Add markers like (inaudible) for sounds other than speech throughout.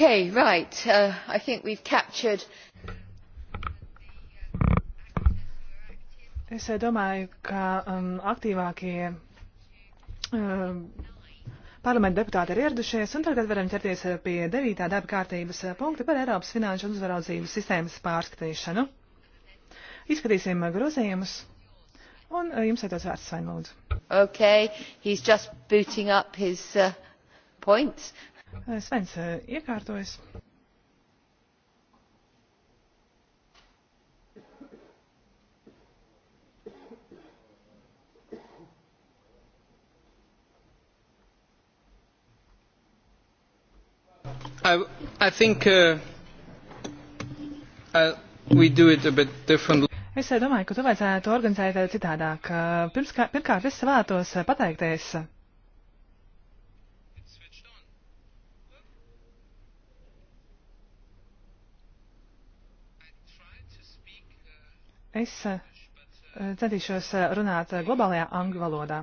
Okay, right. Uh, I think we've captured. Es eh, domāju, ka um, aktīvākie um, parlamenta deputāti ir ieradušies, un tagad varam ķerties eh, pie devītā darba kārtības eh, punkta par Eiropas finanšu un uzvaraudzības sistēmas pārskatīšanu. Izskatīsim grozījumus, un jums ir tos vērts, Svainlūdzu. Okay, he's just booting up his uh, points. Svens eh, iekārtojas. I, I think uh, uh, we do it a bit differently. Es eh, domāju, ka tu vajadzētu organizēt eh, citādāk. Pirmkārt, es vēlētos pateikties Es eh, centīšos eh, runāt eh, globālajā angļu valodā.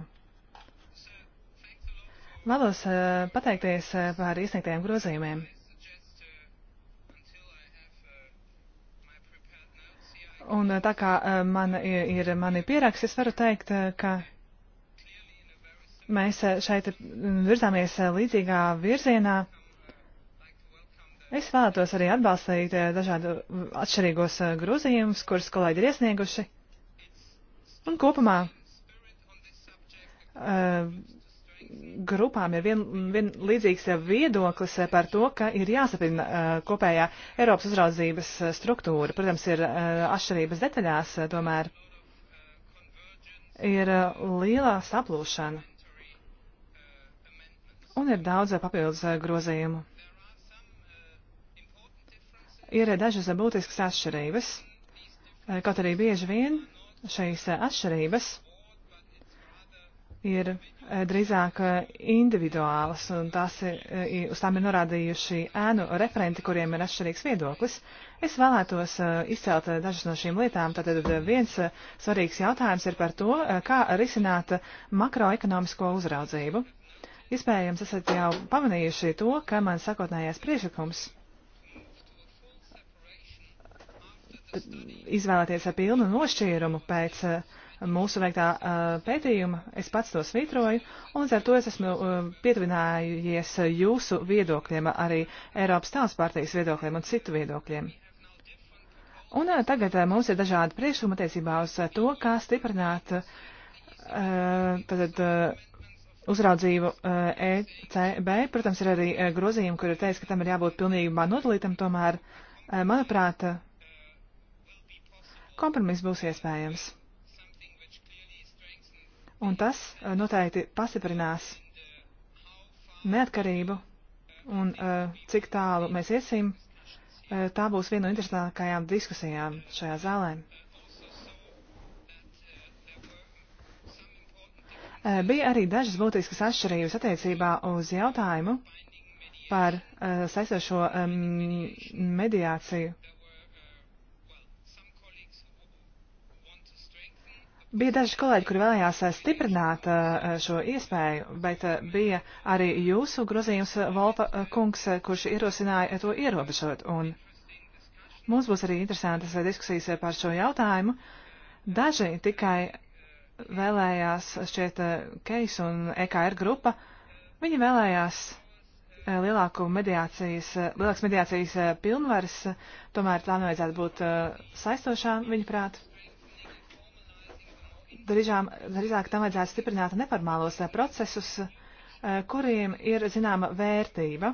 Vēlos pateikties par iesniegtajiem grozījumiem. Un tā kā man ir mani pieraksti, es varu teikt, ka mēs šeit virzāmies līdzīgā virzienā Es vēlētos arī atbalstīt eh, dažādu atšķirīgos eh, grozījumus, kurus kolēģi ir iesnieguši. Un kopumā eh, grupām ir vien, vien līdzīgs viedoklis par to, ka ir jāsapina kopējā Eiropas uzraudzības struktūra. Protams, ir atšķirības detaļās, tomēr ir lielā saplūšana. Un ir daudz papildus grozījumu ir dažas būtiskas atšķirības, eh, kaut arī bieži vien šīs eh, atšķirības ir eh, drīzāk individuālas, un tās ir, uz tām ir norādījuši ēnu referenti, kuriem ir atšķirīgs viedoklis. Es vēlētos izcelt dažas no šīm lietām. Tātad viens svarīgs jautājums ir par to, kā risināt makroekonomisko uzraudzību. Iespējams, esat jau pamanījuši to, ka man sakotnējais priešlikums izvēlēties pilnu nošķīrumu pēc eh, mūsu veiktā eh, pētījuma. Es pats to svītroju, un ar to es esmu eh, pietuvinājies jūsu viedokļiem, arī Eiropas tās partijas viedokļiem un citu viedokļiem. Un tagad mums ir dažādi priekšlikumi attiecībā uz to, kā stiprināt tad, uzraudzību ECB. E Protams, ir arī grozījumi, kur ir teiks, ka tam ir jābūt pilnībā nodalītam, tomēr, manuprāt, kompromiss būs iespējams. Un tas eh, noteikti pastiprinās neatkarību un eh, cik tālu mēs iesim. Eh, tā būs viena no interesantākajām diskusijām šajā zālē. Bija arī dažas būtiskas atšķirības attiecībā uz jautājumu par saistošo mediāciju Bija daži kolēģi, kuri vēlējās eh, stiprināt eh, šo iespēju, bet eh, bija arī jūsu grozījums, Volpa kungs, kurš ierosināja to ierobežot. Un mums būs arī interesantas diskusijas par šo jautājumu. Daži tikai vēlējās, šķiet, Keis un EKR grupa, viņi vēlējās lielāku mediācijas, lielāks mediācijas pilnvaras, tomēr tā nevajadzētu būt saistošām, viņuprāt. prāt drīzāk, drīzāk tam vajadzētu stiprināt neformālos eh, procesus, eh, kuriem ir zināma vērtība.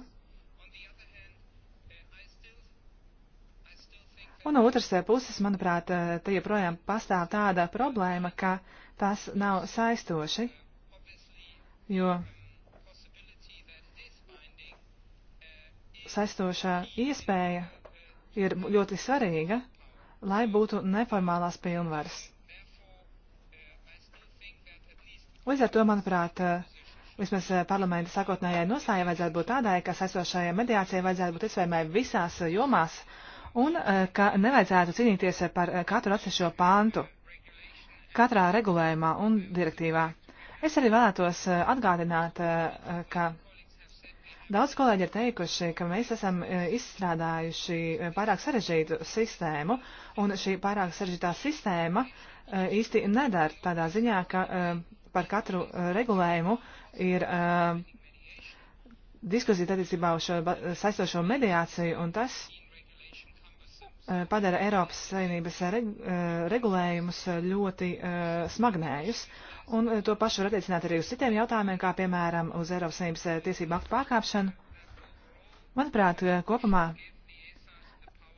Un no otras eh, puses, manuprāt, te joprojām pastāv tāda problēma, ka tas nav saistoši, jo saistošā iespēja ir ļoti svarīga, lai būtu neformālās pilnvaras. Līdz ar to, manuprāt, eh, vismaz eh, parlamenta sākotnējai nostājai vajadzētu būt tādai, ka esošajai mediācijai vajadzētu būt iespējamai visās eh, jomās un ka nevajadzētu cīnīties par katru atsevišķo pāntu katrā regulējumā un direktīvā. Es arī vēlētos atgādināt, ka daudz kolēģi ir teikuši, ka mēs esam izstrādājuši pārāk sarežģītu sistēmu, un šī pārāk sarežģītā sistēma īsti nedara tādā ziņā, ka par katru uh, regulējumu ir uh, diskusija attiecībā uz šo saistošo mediāciju, un tas uh, padara Eiropas Savienības reg, regulējumus ļoti uh, smagnējus. Un to pašu var attiecināt arī uz citiem jautājumiem, kā piemēram uz Eiropas Savienības tiesību aktu pārkāpšanu. Manuprāt, kopumā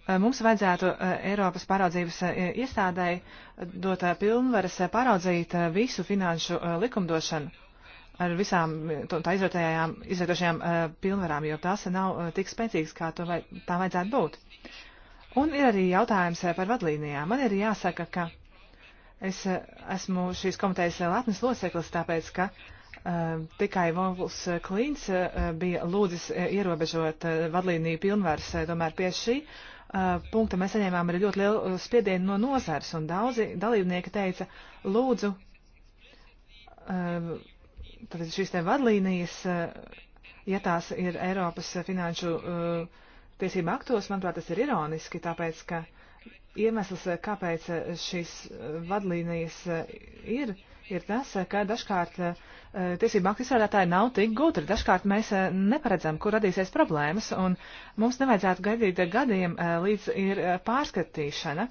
Eh, mums vajadzētu eh, Eiropas pāraudzības eh, iestādēji dot pilnvaras pāraudzīt visu finanšu likumdošanu ar visām tā izvietotajām pilnvarām, jo tās nav tik spēcīgas, kā to vai, tā vajadzētu būt. Un ir arī jautājums par vadlīnijām. Man ir jāsaka, ka es esmu šīs komitejas latnes loceklis, tāpēc, ka tikai Vovuls Klīns bija lūdzis ierobežot vadlīniju pilnvaras, tomēr pie šī punkta mēs saņēmām arī ļoti lielu spiedienu no nozars, un daudzi dalībnieki teica, lūdzu, tātad šīs te vadlīnijas, ja tās ir Eiropas finanšu tiesība aktos, manuprāt, tas ir ironiski, tāpēc, ka iemesls, kāpēc šīs vadlīnijas ir, ir tas, ka dažkārt uh, Eh, tiesību aktu izstrādātāji nav tik gudri. Dažkārt mēs eh, neparedzam, kur radīsies problēmas, un mums nevajadzētu gaidīt gadiem, eh, līdz ir pārskatīšana,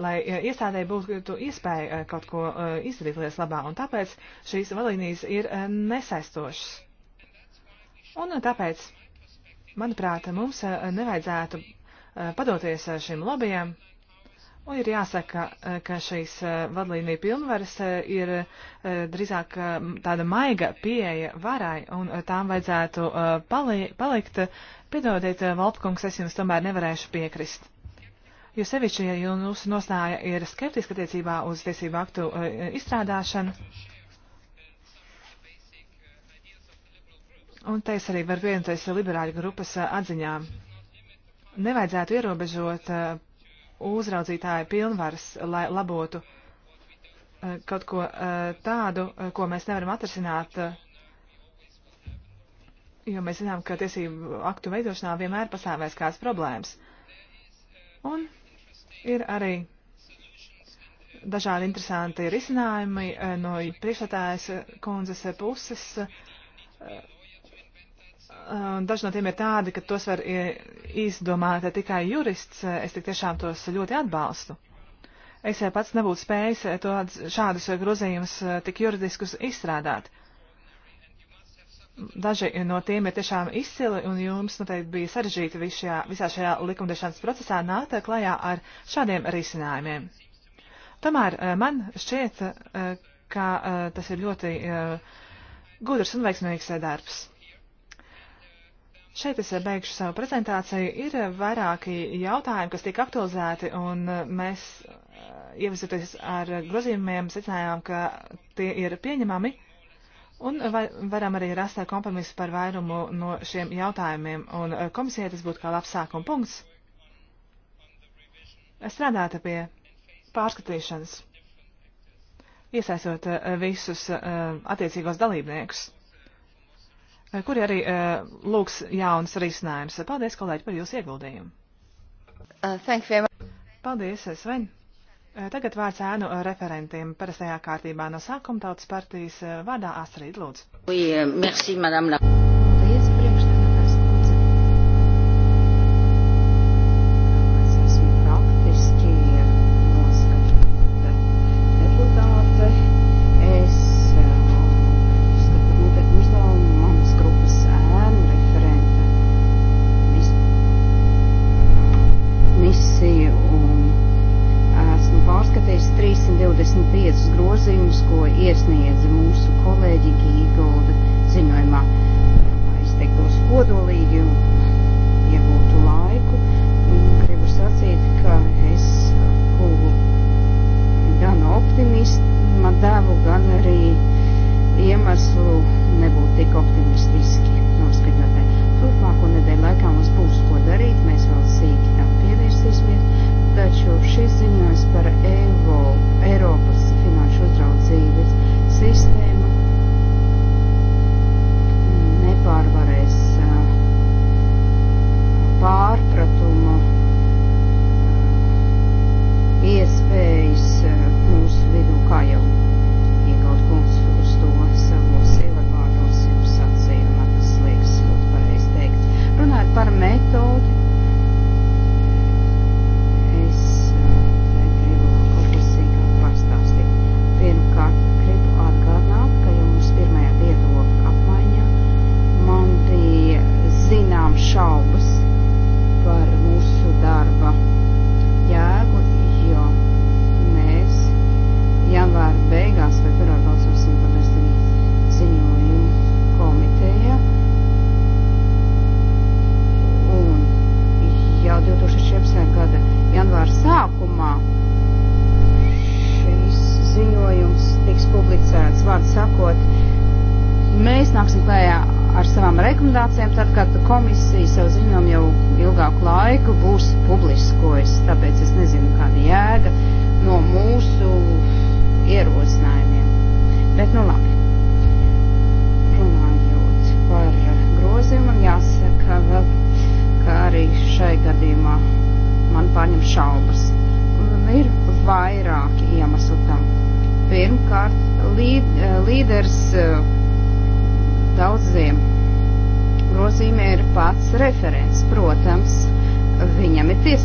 lai iestādēji būtu iespēja kaut ko izdarīt lietas labā, un tāpēc šīs valīnijas ir nesaistošas. Un tāpēc, manuprāt, mums nevajadzētu padoties šim lobbyiem, Un ir jāsaka, eh, ka šīs eh, vadlīnija pilnvaras eh, ir drīzāk tāda maiga pieeja varai, un tām vajadzētu pali palikt. Piedodiet, Valtkungs, es jums tomēr nevarēšu piekrist. Jo sevišķi, ja jūsu nostāja ir skeptiska attiecībā uz tiesību aktu izstrādāšanu. Un te es arī varu vienoties liberāļu grupas atziņām nevajadzētu ierobežot uzraudzītāja pilnvaras, lai labotu eh, kaut ko eh, tādu, eh, ko mēs nevaram atrasināt, jo mēs zinām, ka tiesību aktu veidošanā vienmēr pastāvēs kāds problēmas. Un ir arī dažādi interesanti risinājumi no priekšstādājas kundzes puses Um, daži no tiem ir tādi, ka tos var izdomāt tikai jurists. Es tik tiešām tos ļoti atbalstu. Es pats nebūtu spējis to, šādus grozījumus uh, tik juridiskus izstrādāt. Daži no tiem ir tiešām izcili, un jums noteikti bija sarežģīti visajā, visā šajā likumdošanas procesā nākt klajā ar šādiem risinājumiem. Tomēr uh, man šķiet, uh, ka tas ir ļoti gudrs un veiksmīgs darbs. Šeit es beigšu savu prezentāciju. Ir vairāki jautājumi, kas tiek aktualizēti, un mēs, eh, ievietoties ar grozījumiem, secinājām, ka tie ir pieņemami, un varam arī rast kompromisu par vairumu no šiem jautājumiem, un eh, komisijai tas būtu kā labs sākuma punkts. Strādāt pie pārskatīšanas, iesaistot eh, visus attiecīgos dalībniekus. Eh, kuri arī eh, lūgs jauns risinājums. Paldies, kolēģi, par jūsu ieguldījumu. Uh, Paldies, eh, Sven. Tagad vārds ēnu referentiem parastajā kārtībā no sākuma tautas partijas vārdā Astrid Lūdzu. Oui, merci, madame la...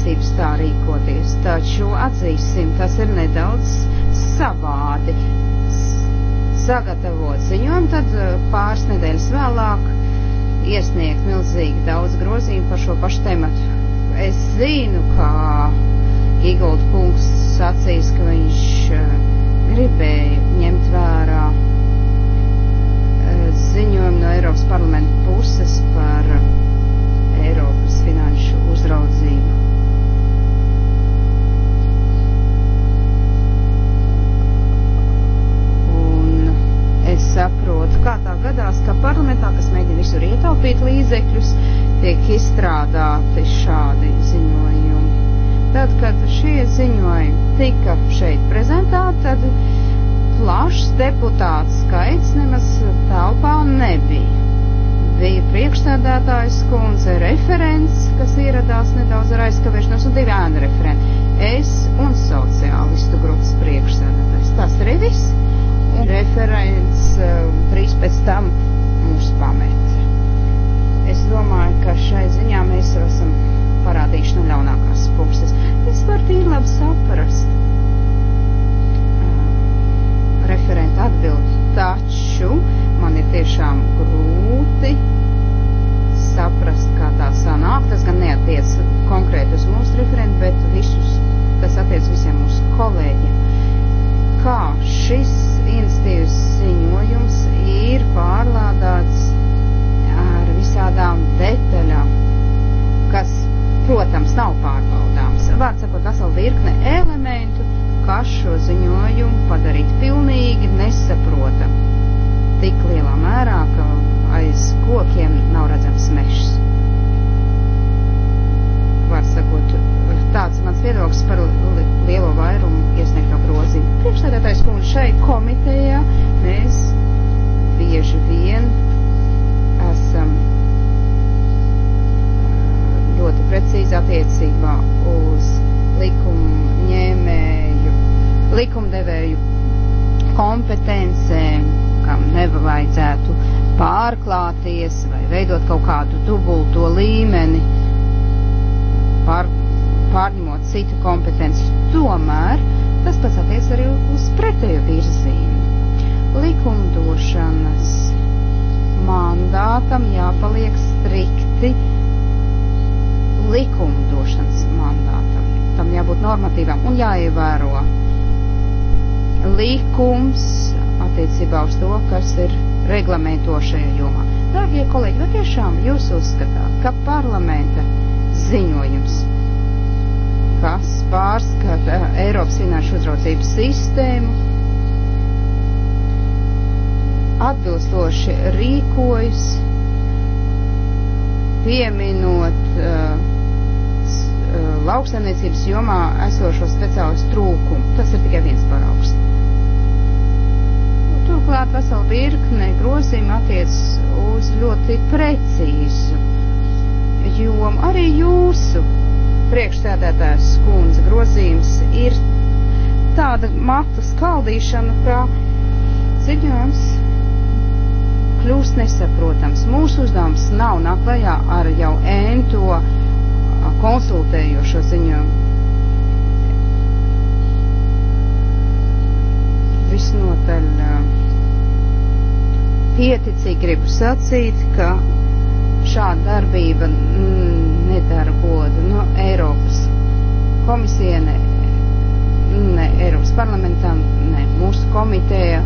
tiesības tā rīkoties, taču atzīsim, tas ir nedaudz savādi. Sagatavot ziņojumu, tad eh, pāris nedēļas vēlāk iesniegt milzīgi daudz grozījumu par šo pašu tematu. Es zinu, kā Igulda kungs sacīs, ka viņš eh, gribēja ņemt vērā eh, ziņojumu no Eiropas parlamenta puses par Eiropas finanšu uzraudzību. Es saprotu, kā tā gadās, ka parlamentā, kas mēģina visur ietaupīt līdzekļus, tiek izstrādāti šādi ziņojumi. Tad, kad šie ziņojumi tika šeit prezentēti, tad plašs deputāts skaits nemaz telpā nebija. Bija priekšstādātājs kundze referents, kas ieradās nedaudz ar aizkavēšanos, un divi ēna referenti. Es un sociālistu grupas priekšstādātājs. Tas arī viss referents drīz um, pēc tam mūs pamet. Es domāju, ka šai ziņā mēs jau esam parādījuši no ļaunākās puses. Es varu tīri labi saprast uh, referenta atbildi, taču man ir tiešām grūti saprast, kā tā sanāk. Tas gan neatiec konkrēti uz mūsu referentu, bet visus, tas attiec visiem mūsu kolēģiem. Kā šis iniciatīvas ziņojums ir pārlādāts ar visādām detaļām, kas, protams, nav pārbaudāms. Vārds sakot, vesela virkne elementu, kas šo ziņojumu padarīt pilnīgi nesaprotam. Tik lielā mērā, ka aiz kokiem nav redzams mežs. Vārds sakot, tāds ir mans viedoklis par li lielo vairumu iesniegto grozīmu. Priekšsēdētājs kundze šeit komitejā mēs bieži vien esam ļoti precīzi attiecībā uz likumu ņēmēju, likumdevēju kompetencēm, kam nevajadzētu pārklāties vai veidot kaut kādu dubulto līmeni par pārņemot citu kompetenci. Tomēr tas pats attiec arī uz pretēju virzienu. Likumdošanas mandātam jāpaliek strikti likumdošanas mandātam. Tam jābūt normatīvam un jāievēro likums attiecībā uz to, kas ir reglamentējošajā jomā. Dārgie kolēģi, vai tiešām jūs uzskatāt, ka parlamenta ziņojums kas pārskata eh, Eiropas finanšu uzraudzības sistēmu, atbilstoši rīkojas, pieminot uh, lauksaimniecības jomā esošo speciālistu trūkumu. Tas ir tikai viens paraugs. Nu, turklāt vesela virkne grozījuma attiecas uz ļoti precīzu jomu. Arī jūsu priekšsēdētājs skundze grozījums ir tāda matu skaldīšana, ka ziņojums kļūst nesaprotams. Mūsu uzdevums nav naklajā ar jau ento konsultējošo ziņojumu. Visnotaļ uh, pieticīgi gribu sacīt, ka šāda darbība mm, nedara godu no nu, Eiropas komisija, ne, ne Eiropas parlamentam, ne mūsu komiteja,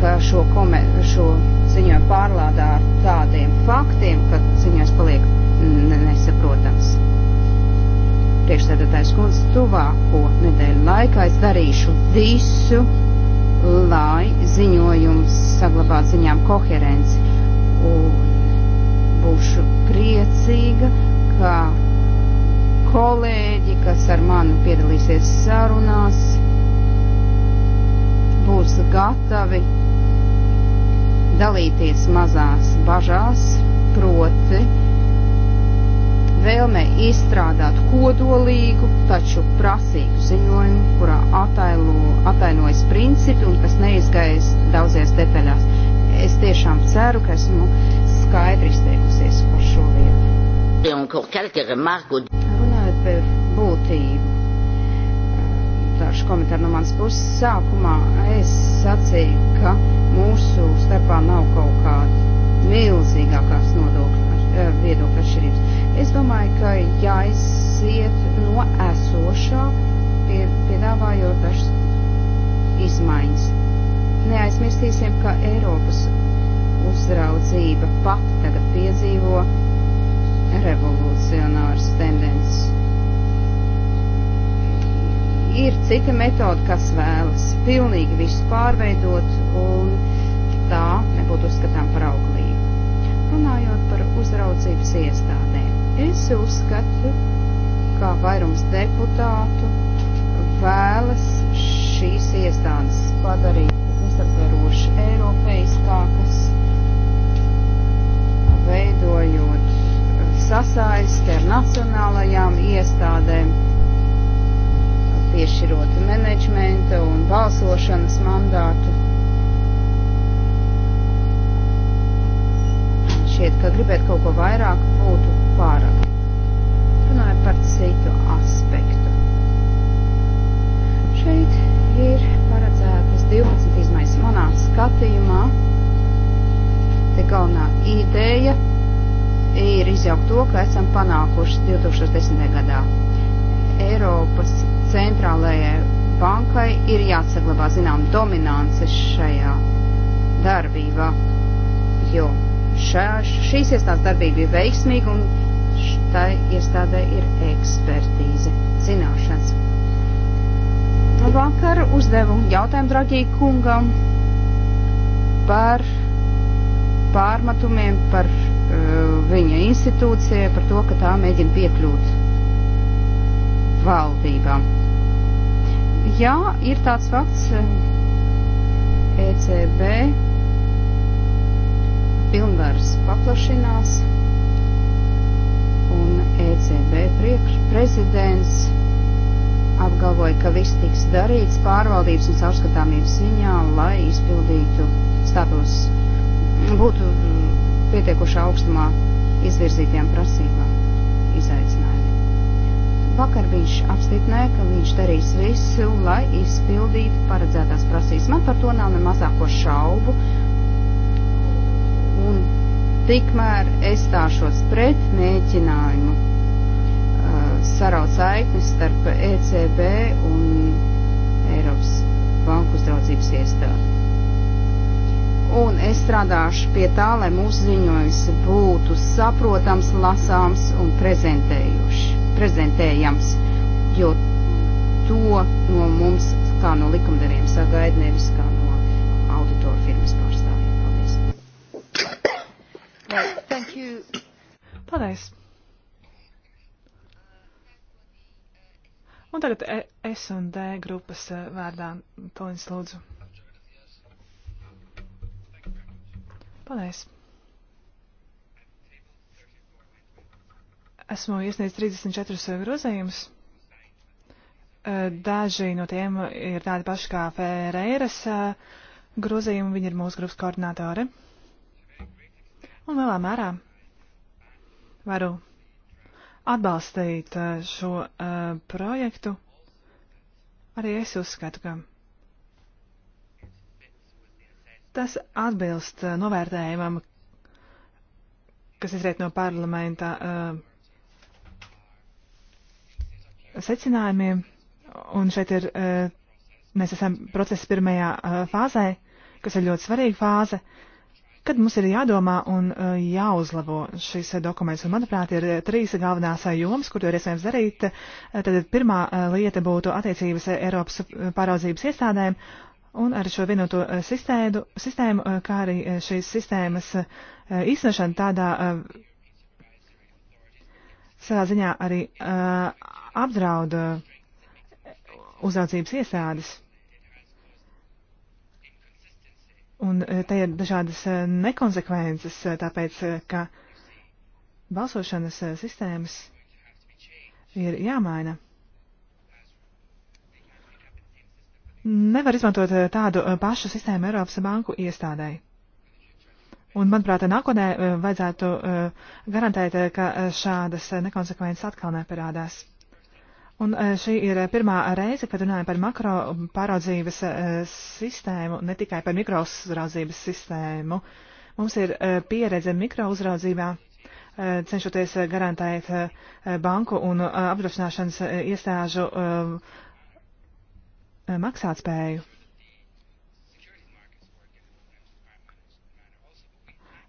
ka šo, kome, šo ziņojumu pārlādā ar tādiem faktiem, ka ziņojums paliek nesaprotams. Priekšsēdētājs kundze, tuvāko nedēļu laikā es darīšu visu, lai ziņojums saglabātu ziņām koherenci un būšu priecīga ka kolēģi, kas ar mani piedalīsies sarunās, būs gatavi dalīties mazās bažās, proti vēlme izstrādāt kodolīgu, taču prasīgu ziņojumu, kurā atailo, atainojas principi un kas neizgais daudzies detaļās. Es tiešām ceru, ka esmu skaidri izteikusies par šo lietu. Runājot par būtību, dažu komentāru no manas puses sākumā es sacīju, ka mūsu starpā nav kaut kāda milzīgākās nodokļa eh, viedokļa atšķirības. Es domāju, ka jāiziet no esošā, pie, piedāvājot dažas izmaiņas. Neaizmirstīsim, ka Eiropas uzraudzība pat tagad piedzīvo revolucionāras tendences. Ir cita metode, kas vēlas pilnīgi visu pārveidot, un tā nebūtu uzskatām par auglīgu. Runājot par uzraudzības iestādēm, es uzskatu, kā vairums deputātu vēlas šīs iestādes padarīt visaptveroši eiropeiskākas, veidojot sasaiste ar nacionālajām iestādēm, piešķirot menedžmenta un balsošanas mandātu. Šķiet, ka gribēt kaut ko vairāk būtu pārāk. Runājot par citu aspektu. uzjaukt to, ka esam panākuši 2010. gadā. Eiropas centrālajai bankai ir jāsaglabā zinām dominance šajā darbībā, jo šā, šīs iestādes darbība ir veiksmīga un tai iestādē ir ekspertīze, zināšanas. Vakar uzdevu jautājumu Dragī kungam par pārmetumiem par Eh, viņa institūcija par to, ka tā mēģina piekļūt valdībām. Jā, ir tāds fakts, ECB eh, e pilnvaras paplašinās un ECB priekšprezidents apgalvoja, ka viss tiks darīts pārvaldības un caurskatāmības ziņā, lai izpildītu status, būtu pietiekuši augstumā izvirzītiem prasībām, izaicinājumiem. Vakar viņš apstiprināja, ka viņš darīs visu, lai izpildītu paredzētās prasības. Man par to nav ne mazāko šaubu. Un tikmēr es stāšos pret mēģinājumu uh, saraut saikni starp ECB un Eiropas banku uzraudzības iestādi un es strādāšu pie tā, lai mūsu ziņojums būtu saprotams, lasāms un prezentējams, jo to no mums kā no likumdeviem sagaida nevis kā no auditoru firmas pārstāvjiem. Paldies. Right, thank you. Paldies. Un tagad e S un D grupas eh, vārdā Tonis Lūdzu. Paldies! Esmu iesniedzis 34 eh, grozījumus. Eh, daži no tiem ir tādi paši kā Fēreiras eh, grozījumi, viņa ir mūsu grupas koordinātore. Un lielā mērā varu atbalstīt šo projektu. Arī es uzskatu, ka Tas atbilst uh, novērtējumam, kas izriet no parlamenta uh, secinājumiem, un šeit ir, uh, mēs esam procesa pirmajā fāzē, kas ir ļoti svarīga fāze, kad mums ir jādomā un jāuzlabo šis dokuments. Un, manuprāt, ir trīs galvenās jomas, kur to ir iespējams darīt. Tad pirmā lieta būtu attiecības Eiropas pāraudzības iestādēm, Un ar šo vienoto eh, sistēdu, sistēmu, eh, kā arī eh, šīs sistēmas īstenošanu tādā savā ziņā arī apdraud uzraudzības iestādes. Un te ir dažādas nekonsekvences, tāpēc, ka balsošanas sistēmas ir jāmaina. nevar izmantot eh, tādu eh, pašu sistēmu Eiropas banku iestādēji. Un, manuprāt, nākotnē eh, vajadzētu garantēt, ka šādas nekonsekvences atkal neparādās. Un šī ir pirmā reize, kad runājam par makro pāraudzības sistēmu, ne tikai par mikro uzraudzības sistēmu. Mums ir pieredze mikro uzraudzībā, cenšoties garantēt banku un apdrošināšanas iestāžu Eh, maksātspēju.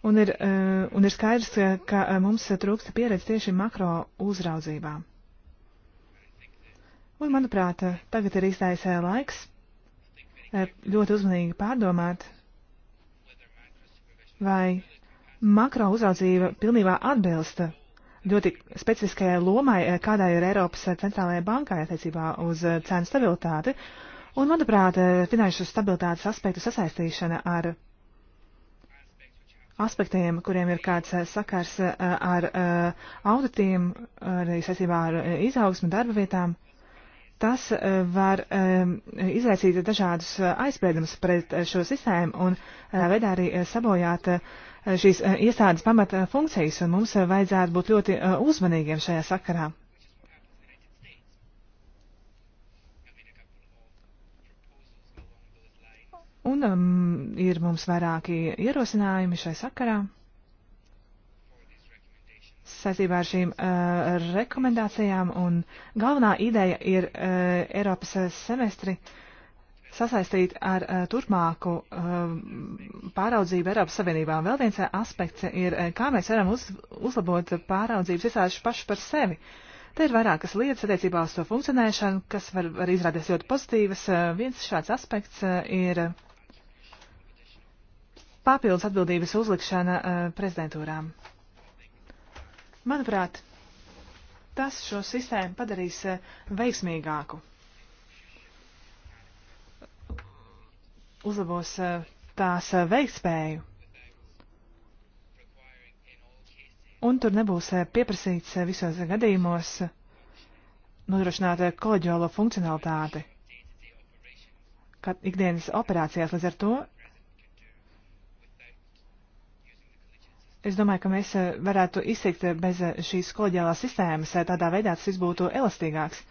Un ir, eh, un ir skaidrs, ka eh, mums trūksta pieredze tieši makro uzraudzībā. Un, manuprāt, tagad ir īstais laiks ļoti uzmanīgi pārdomāt, vai makro uzraudzība pilnībā atbilsta ļoti specifiskajai lomai, eh, kādā ir Eiropas centrālajai bankai attiecībā uz eh, cenu stabilitāti. Un, manuprāt, eh, finanšu stabilitātes aspektu sasaistīšana ar aspektiem, kuriem ir kāds sakars ar auditiem, arī saistībā ar izaugsmu darba vietām, tas var izraisīt dažādus aizspriedumus pret šo sistēmu un veidā arī sabojāt šīs eh, iestādes pamata funkcijas, un mums vajadzētu būt ļoti eh, uzmanīgiem šajā sakarā. Un um, ir mums vairāki ierosinājumi šai sakarā saistībā ar šīm uh, rekomendācijām, un galvenā ideja ir uh, Eiropas semestri uh, sasaistīt ar eh, turpmāku eh, pāraudzību Eiropas Savienībā. Vēl viens eh, aspekts ir, kā mēs varam uz, uzlabot pāraudzības iestāžu pašu par sevi. Te ir vairākas lietas attiecībā uz to funkcionēšanu, kas var, var izrādīties ļoti pozitīvas. Viens šāds aspekts ir papildus atbildības uzlikšana prezidentūrām. Manuprāt, tas šo sistēmu padarīs veiksmīgāku. uzlabos eh, tās eh, veiktspēju. Un tur nebūs eh, pieprasīts visos gadījumos nodrošināt koleģiālo funkcionalitāti, kad ikdienas operācijās līdz ar to. Es domāju, ka mēs varētu izsikt bez šīs koleģiālās sistēmas, tādā veidā tas viss būtu elastīgāks.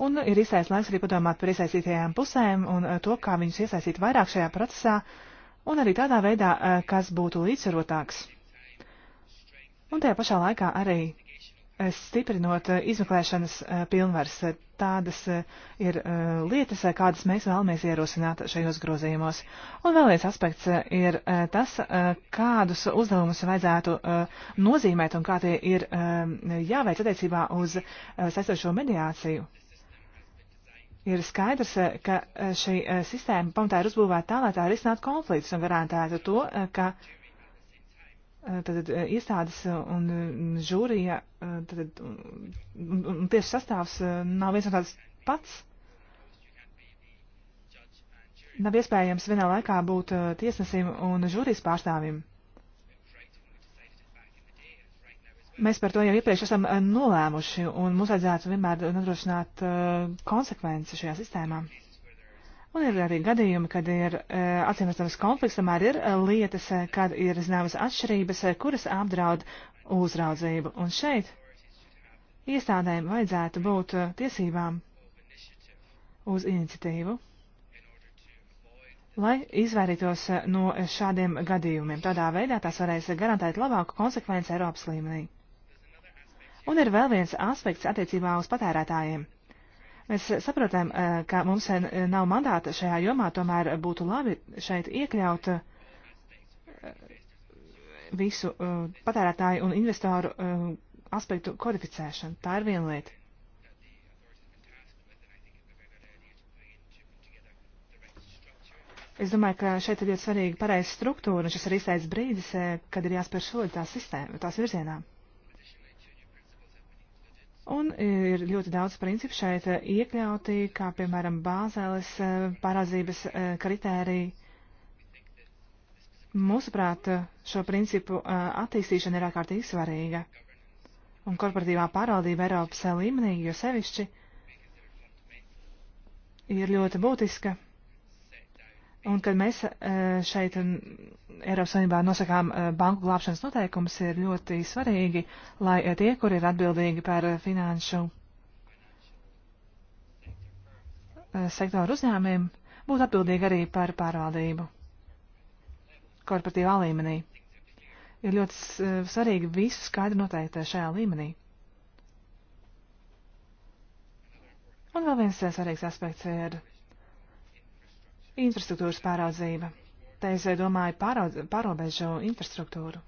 Un ir īstais laiks arī padomāt par iesaistītajām pusēm un eh, to, kā viņus iesaistīt vairāk šajā procesā, un arī tādā veidā, eh, kas būtu līdzsvarotāks. Un tajā pašā laikā arī eh, stiprinot izmeklēšanas pilnvars. Tādas ir lietas, kādas mēs vēlamies ierosināt šajos grozījumos. Un vēl viens aspekts ir tas, kādus uzdevumus vajadzētu nozīmēt un kā tie ir jāveic attiecībā uz saistošo mediāciju. Ir skaidrs, eh, ka eh, šī eh, sistēma pamatā ir uzbūvēta tā, lai tā risinātu konfliktus un garantētu to, ka tad, iestādes un mm, žūrija tad, un, un tieši sastāvs nav viens un tāds pats. Nav iespējams vienā laikā būt tiesnesim un žūrijas pārstāvim. Mēs par to jau iepriekš esam eh, nolēmuši, un mums vajadzētu vienmēr nodrošināt uh, konsekvenci šajā sistēmā. Un ir arī gadījumi, kad ir uh, acīmredzams konflikts, tomēr ir uh, lietas, kad ir zināmas atšķirības, kuras apdraud uzraudzību. Un šeit iestādēm vajadzētu būt tiesībām uz iniciatīvu, lai izvairītos no šādiem gadījumiem. Tādā veidā tās varēs garantēt labāku konsekvenci Eiropas līmenī. Un ir vēl viens aspekts attiecībā uz patērētājiem. Mēs saprotam, eh, ka mums nav mandāta šajā jomā, tomēr būtu labi šeit iekļaut eh, visu eh, patērētāju un investoru aspektu kodificēšanu. Tā ir viena lieta. Es domāju, ka šeit ir ļoti svarīga pareiza struktūra, un šis ir īstais brīdis, kad ir jāspēr šodien tā sistēma, tās virzienām. Un ir ļoti daudz principu šeit iekļauti, kā piemēram bāzēles eh, parādzības eh, kritērija. Mūsuprāt, šo principu eh, attīstīšana ir ārkārtīgi svarīga. Un korporatīvā pārvaldība Eiropas līmenī, jo sevišķi, ir ļoti būtiska Un, kad mēs e, šeit Eiropas Savienībā nosakām e, banku glābšanas noteikumus, ir ļoti svarīgi, lai e, tie, kur ir atbildīgi par finanšu sektoru uzņēmiem, būtu atbildīgi arī par pārvaldību korporatīvā līmenī. Ir ļoti svarīgi visu skaidri noteikt šajā līmenī. Un vēl viens svarīgs aspekts ir Infrastruktūras pāraudzība. Te es domāju pāraudz, pārobežu infrastruktūru.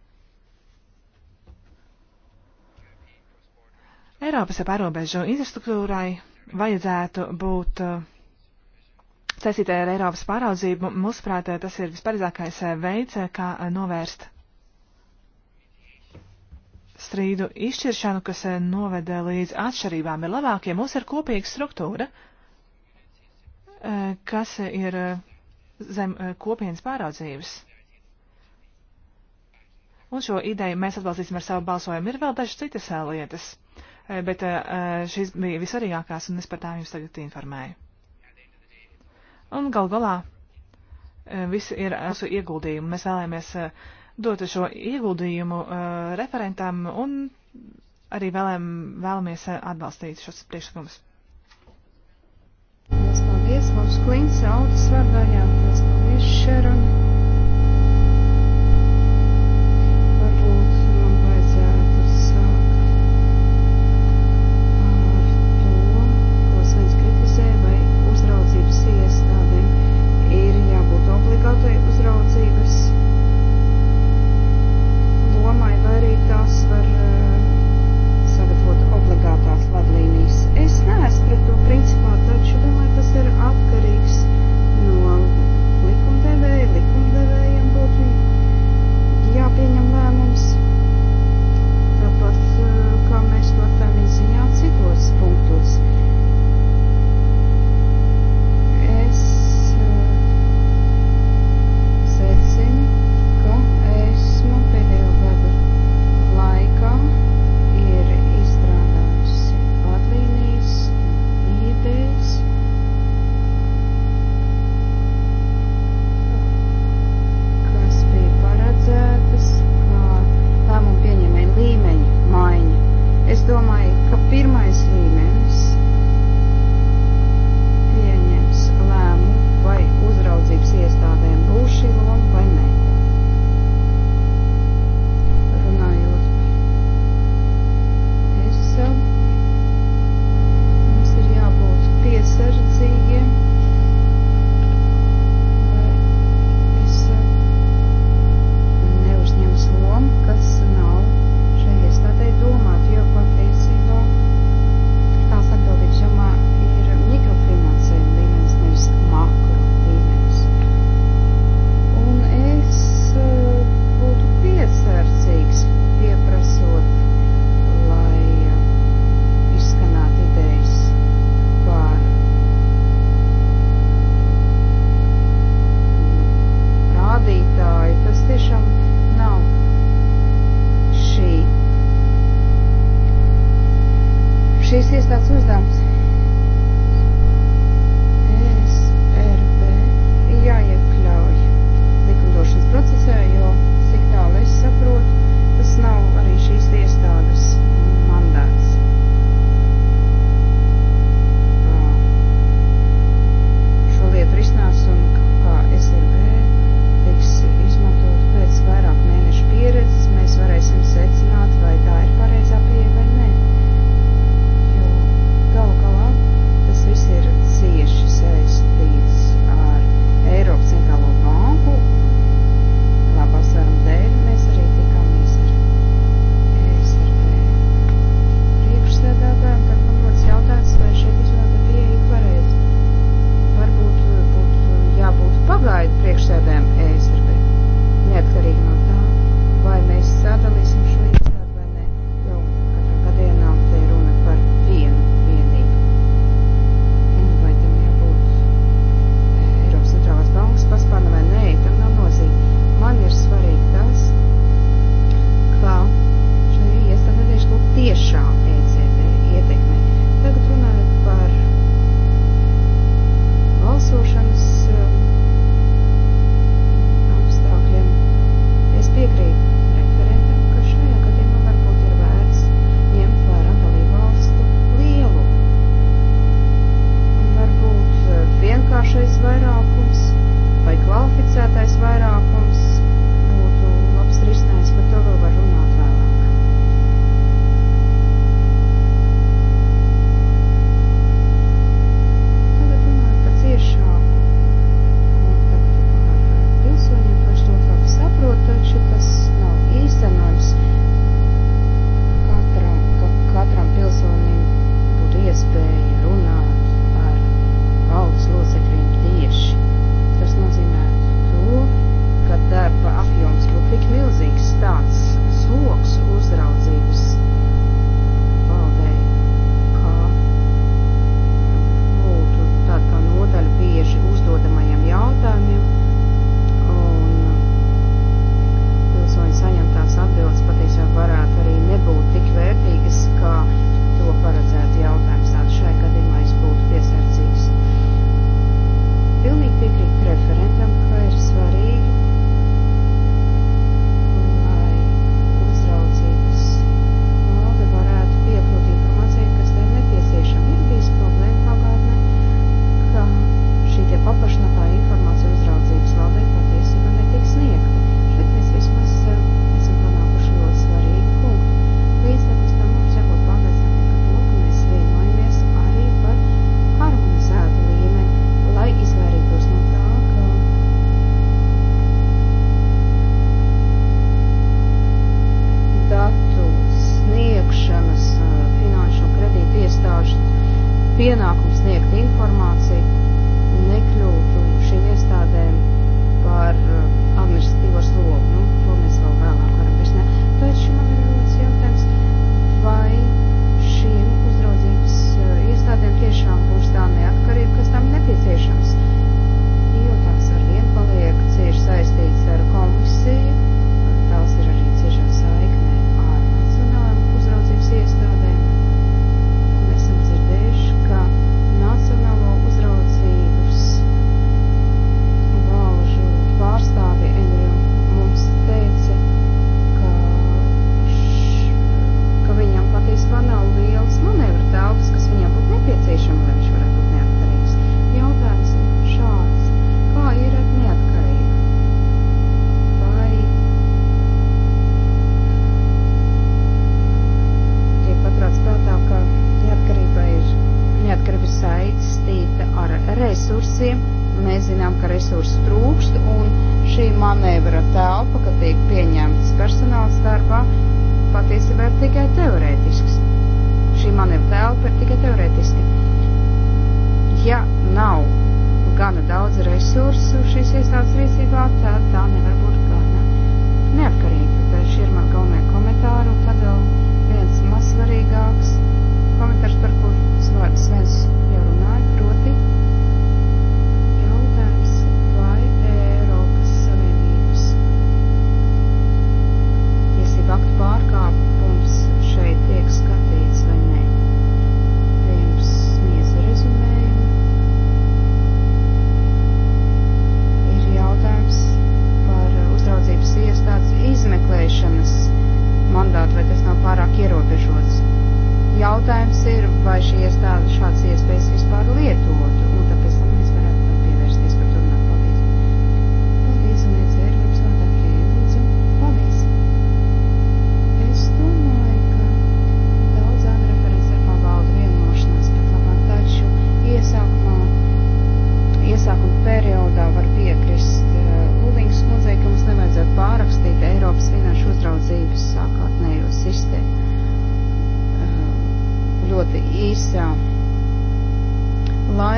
Eiropas pārobežu infrastruktūrai vajadzētu būt eh, saistītē ar Eiropas pāraudzību. Mūsuprāt, eh, tas ir vispareizākais eh, veids, kā novērst strīdu izšķiršanu, kas noveda līdz atšķirībām. Ir labāk, ja mums ir kopīga struktūra, kas ir zem eh, kopienas pāraudzības. Un šo ideju mēs atbalstīsim ar savu balsojumu. Ir vēl dažas citas eh, lietas, eh, bet šīs bija visvarīgākās, un es par tām jums tagad informēju. Un gal galā visi ir mūsu ieguldījumi. Mēs vēlamies dot šo ieguldījumu referentam un arī vēlam, vēlamies atbalstīt šos priekšlikumus. Jums, Klints, Aldis, var variantos. Paldies, Šerona.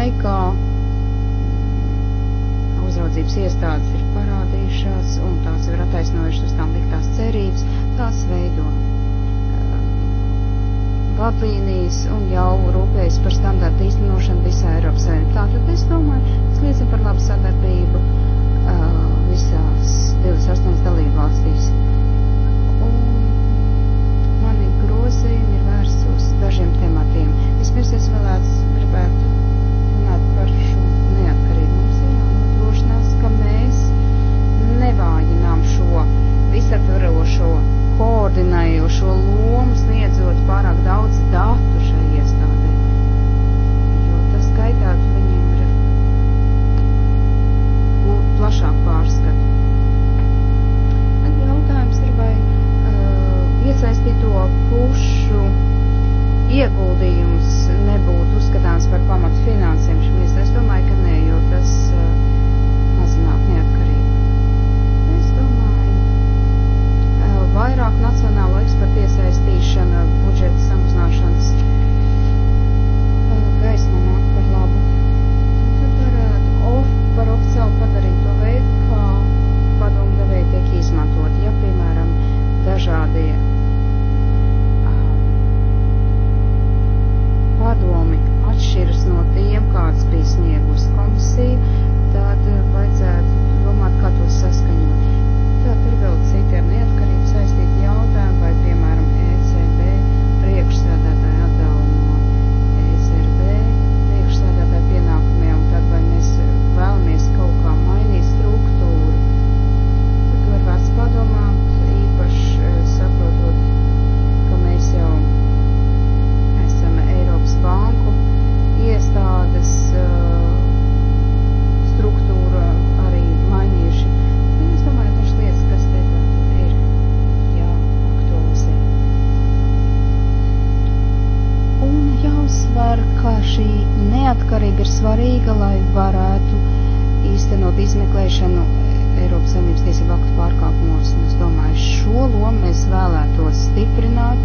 laikā uzraudzības iestādes ir parādījušās un tās ir attaisnojušas uz tām liktās cerības, tās veido um, vadlīnijas un jau rūpējas par standartu īstenošanu visā Eiropas Savienībā. Tātad es domāju, tas liecina par labu sadarbību uh, visās 28 dalību valstīs. Un mani grozījumi ir vērsts uz dažiem tematiem. Vispirms es vēlētu, gribētu runāt par šo neatkarību. Mums ir jānodrošinās, ka mēs nevājinām šo visatvarošo koordinējošo lomu, sniedzot pārāk daudz datu šai iestādē. Jo tas skaitātu viņiem ir plašāk pārskatu. Tad jautājums ir, vai uh, iesaistīto pušu ieguldījums nebūtu uzskatāms par pamatu finansēm šim iestādēm. Es domāju, ka nē, jo tas uh, mazinātu neatkarību. Es domāju, uh, vairāk nacionālo ekspertu iesaistīšana budžeta samazināšanas uh, gaismā nāk par labu. Tad varētu of, par oficiālu padarīt to veidu, kā padomdevēji tiek izmantot. Ja, piemēram, dažādie padomi atšķiras no tiem, kāds bija sniegus komisija, tad eh, vajadzētu domāt, kā to saskaņot. Tad ir vēl citiem neatkarības saistīti jautājumi, vai, piemēram, ECB priekšsēdētāja atdala no ECB priekšsēdētāja pienākumiem, un tad vai mēs vēlamies kaut kā mainīt struktūru. Par to ir vērts padomāt banku iestādes eh, struktūra arī mainījuši. Bet nu, es domāju, ka dažas lietas, kas te ir jāaktualizē. Un jāuzsver, ka šī neatkarība ir svarīga, lai varētu īstenot izmeklēšanu Eiropas Savienības tiesību aktu pārkāpumos. Un es domāju, šo lomu mēs vēlētos stiprināt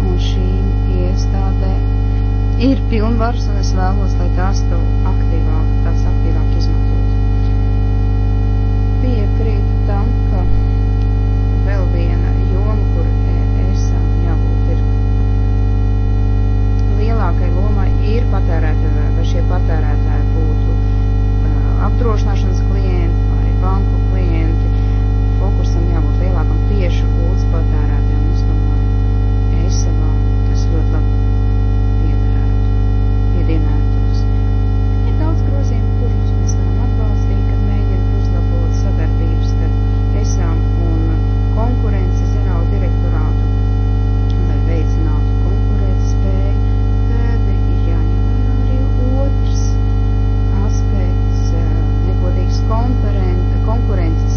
un šīm iestādēm ir pilnvaras, un es vēlos, lai tās to aktīvāk, tās aktīvāk izmantot. Piekrītu tam, ka vēl viena joma, kur e, esam jābūt, ir lielākai lomai ir patērētāji, vai šie patērētāji būtu uh, apdrošināšanas klienti vai banku klienti. Fokusam jābūt lielākam tieši uz patērētāju konkurences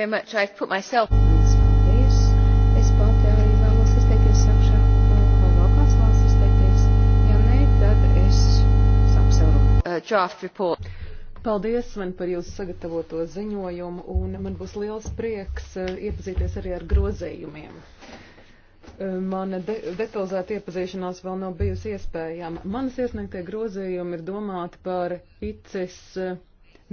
very much. I've put myself. Paldies. Es pati arī vēlos izteikties sakšā, vai vēl kāds vēlas izteikties. Ja nē, tad es apsveru. Uh, draft report. Paldies man par jūsu sagatavoto ziņojumu, un man būs liels prieks iepazīties arī ar grozējumiem. Mana de detalizēta iepazīšanās vēl nav bijusi iespējama. Manas iesniegtie grozījumi ir domāti par ICES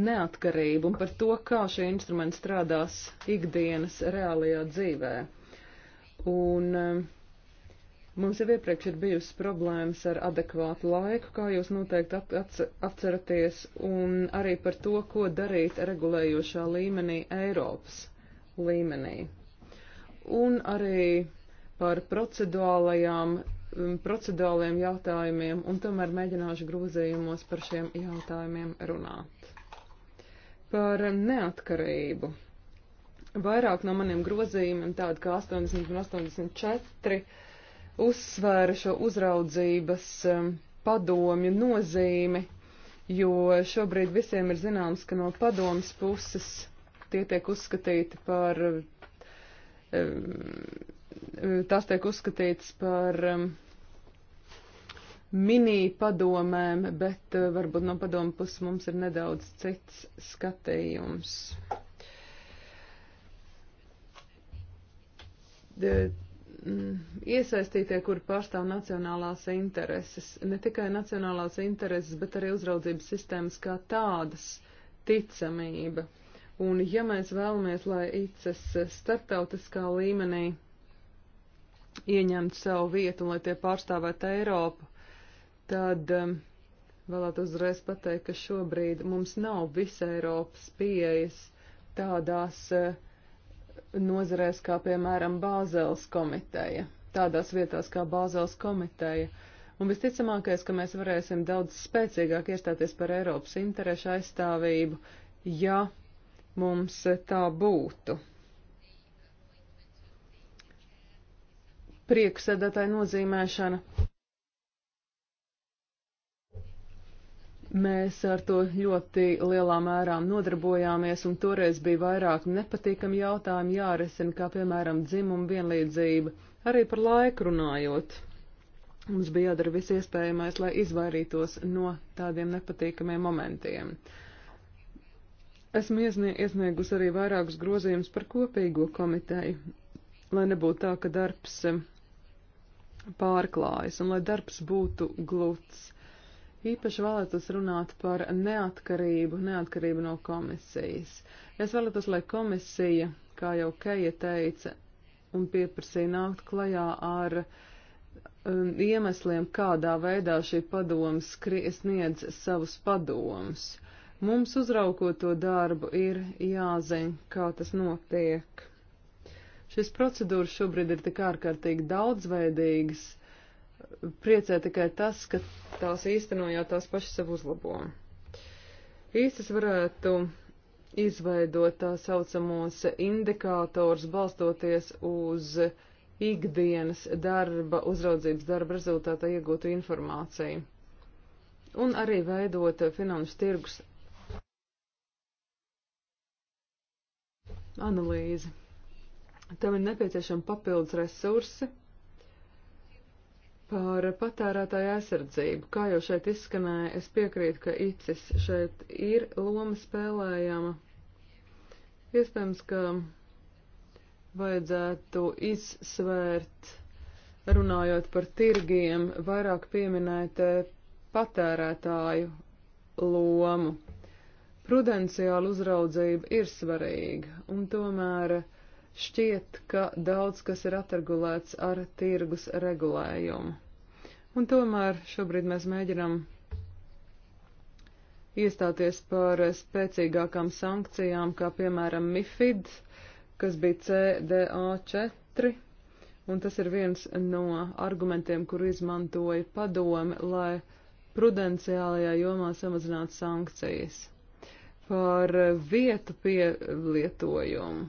neatkarību un par to, kā šie instrumenti strādās ikdienas reālajā dzīvē. Un um, mums jau iepriekš ir bijusi problēmas ar adekvātu laiku, kā jūs noteikti atceraties, un arī par to, ko darīt regulējošā līmenī Eiropas līmenī. Un arī par procedūrālajām um, procedūrāliem jautājumiem, un tomēr mēģināšu grūzījumos par šiem jautājumiem runāt par neatkarību. Vairāk no maniem grozījumiem, tādi kā 80 un 84, uzsvēra šo uzraudzības um, padomju nozīmi, jo šobrīd visiem ir zināms, ka no padomas puses tie tiek uzskatīti par, um, tās tiek uzskatītas par um, mini-padomēm, bet eh, varbūt no padomu puses mums ir nedaudz cits skatījums. Mm, iesaistītie, kur pārstāv nacionālās intereses, ne tikai nacionālās intereses, bet arī uzraudzības sistēmas kā tādas ticamība. Un ja mēs vēlamies, lai ICES starptautiskā līmenī ieņemtu savu vietu un lai tie pārstāvētu Eiropu, tad um, vēlētu uzreiz pateikt, ka šobrīd mums nav visa Eiropas pieejas tādās uh, nozarēs kā, piemēram, Bāzels komiteja, tādās vietās kā Bāzels komiteja. Un visticamākais, ka mēs varēsim daudz spēcīgāk iestāties par Eiropas interešu aizstāvību, ja mums tā būtu. Prieku sēdētāju nozīmēšana Mēs ar to ļoti lielā mērā nodarbojāmies, un toreiz bija vairāk nepatīkami jautājumi jārisina, kā piemēram dzimuma vienlīdzība, arī par laiku runājot. Mums bija jādara viss iespējamais, lai izvairītos no tādiem nepatīkamiem momentiem. Esmu iesniegus arī vairākus grozījumus par kopīgo komiteju, lai nebūtu tā, ka darbs pārklājas un lai darbs būtu gluds. Īpaši vēlētos runāt par neatkarību, neatkarību no komisijas. Es vēlētos, lai komisija, kā jau Keija teica, un pieprasīja nākt klajā ar um, iemesliem, kādā veidā šī padomas sniedz savus padomus. Mums uzraukot to darbu ir jāzina, kā tas notiek. Šis procedūras šobrīd ir tik ārkārtīgi daudzveidīgas, priecē tikai tas, ka tās īstenojot tās pašas sev uzlabo. Īstas varētu izveidot tā saucamos indikātors balstoties uz ikdienas darba, uzraudzības darba rezultātā iegūtu informāciju. Un arī veidot finanšu tirgus analīzi. Tam ir nepieciešama papildus resursi, Par patērētāju aizsardzību, kā jau šeit izskanēja, es piekrītu, ka ICIS šeit ir loma spēlējama. Iespējams, ka vajadzētu izsvērt, runājot par tirgiem, vairāk pieminēt eh, patērētāju lomu. Prudenciāla uzraudzība ir svarīga, un tomēr uh, Šķiet, ka daudz kas ir atregulēts ar tirgus regulējumu. Un tomēr šobrīd mēs mēģinam iestāties par spēcīgākām sankcijām, kā piemēram MIFID, kas bija CDA4, un tas ir viens no argumentiem, kuru izmantoja padomi, lai prudenciālajā jomā samazinātu sankcijas par vietu pielietojumu.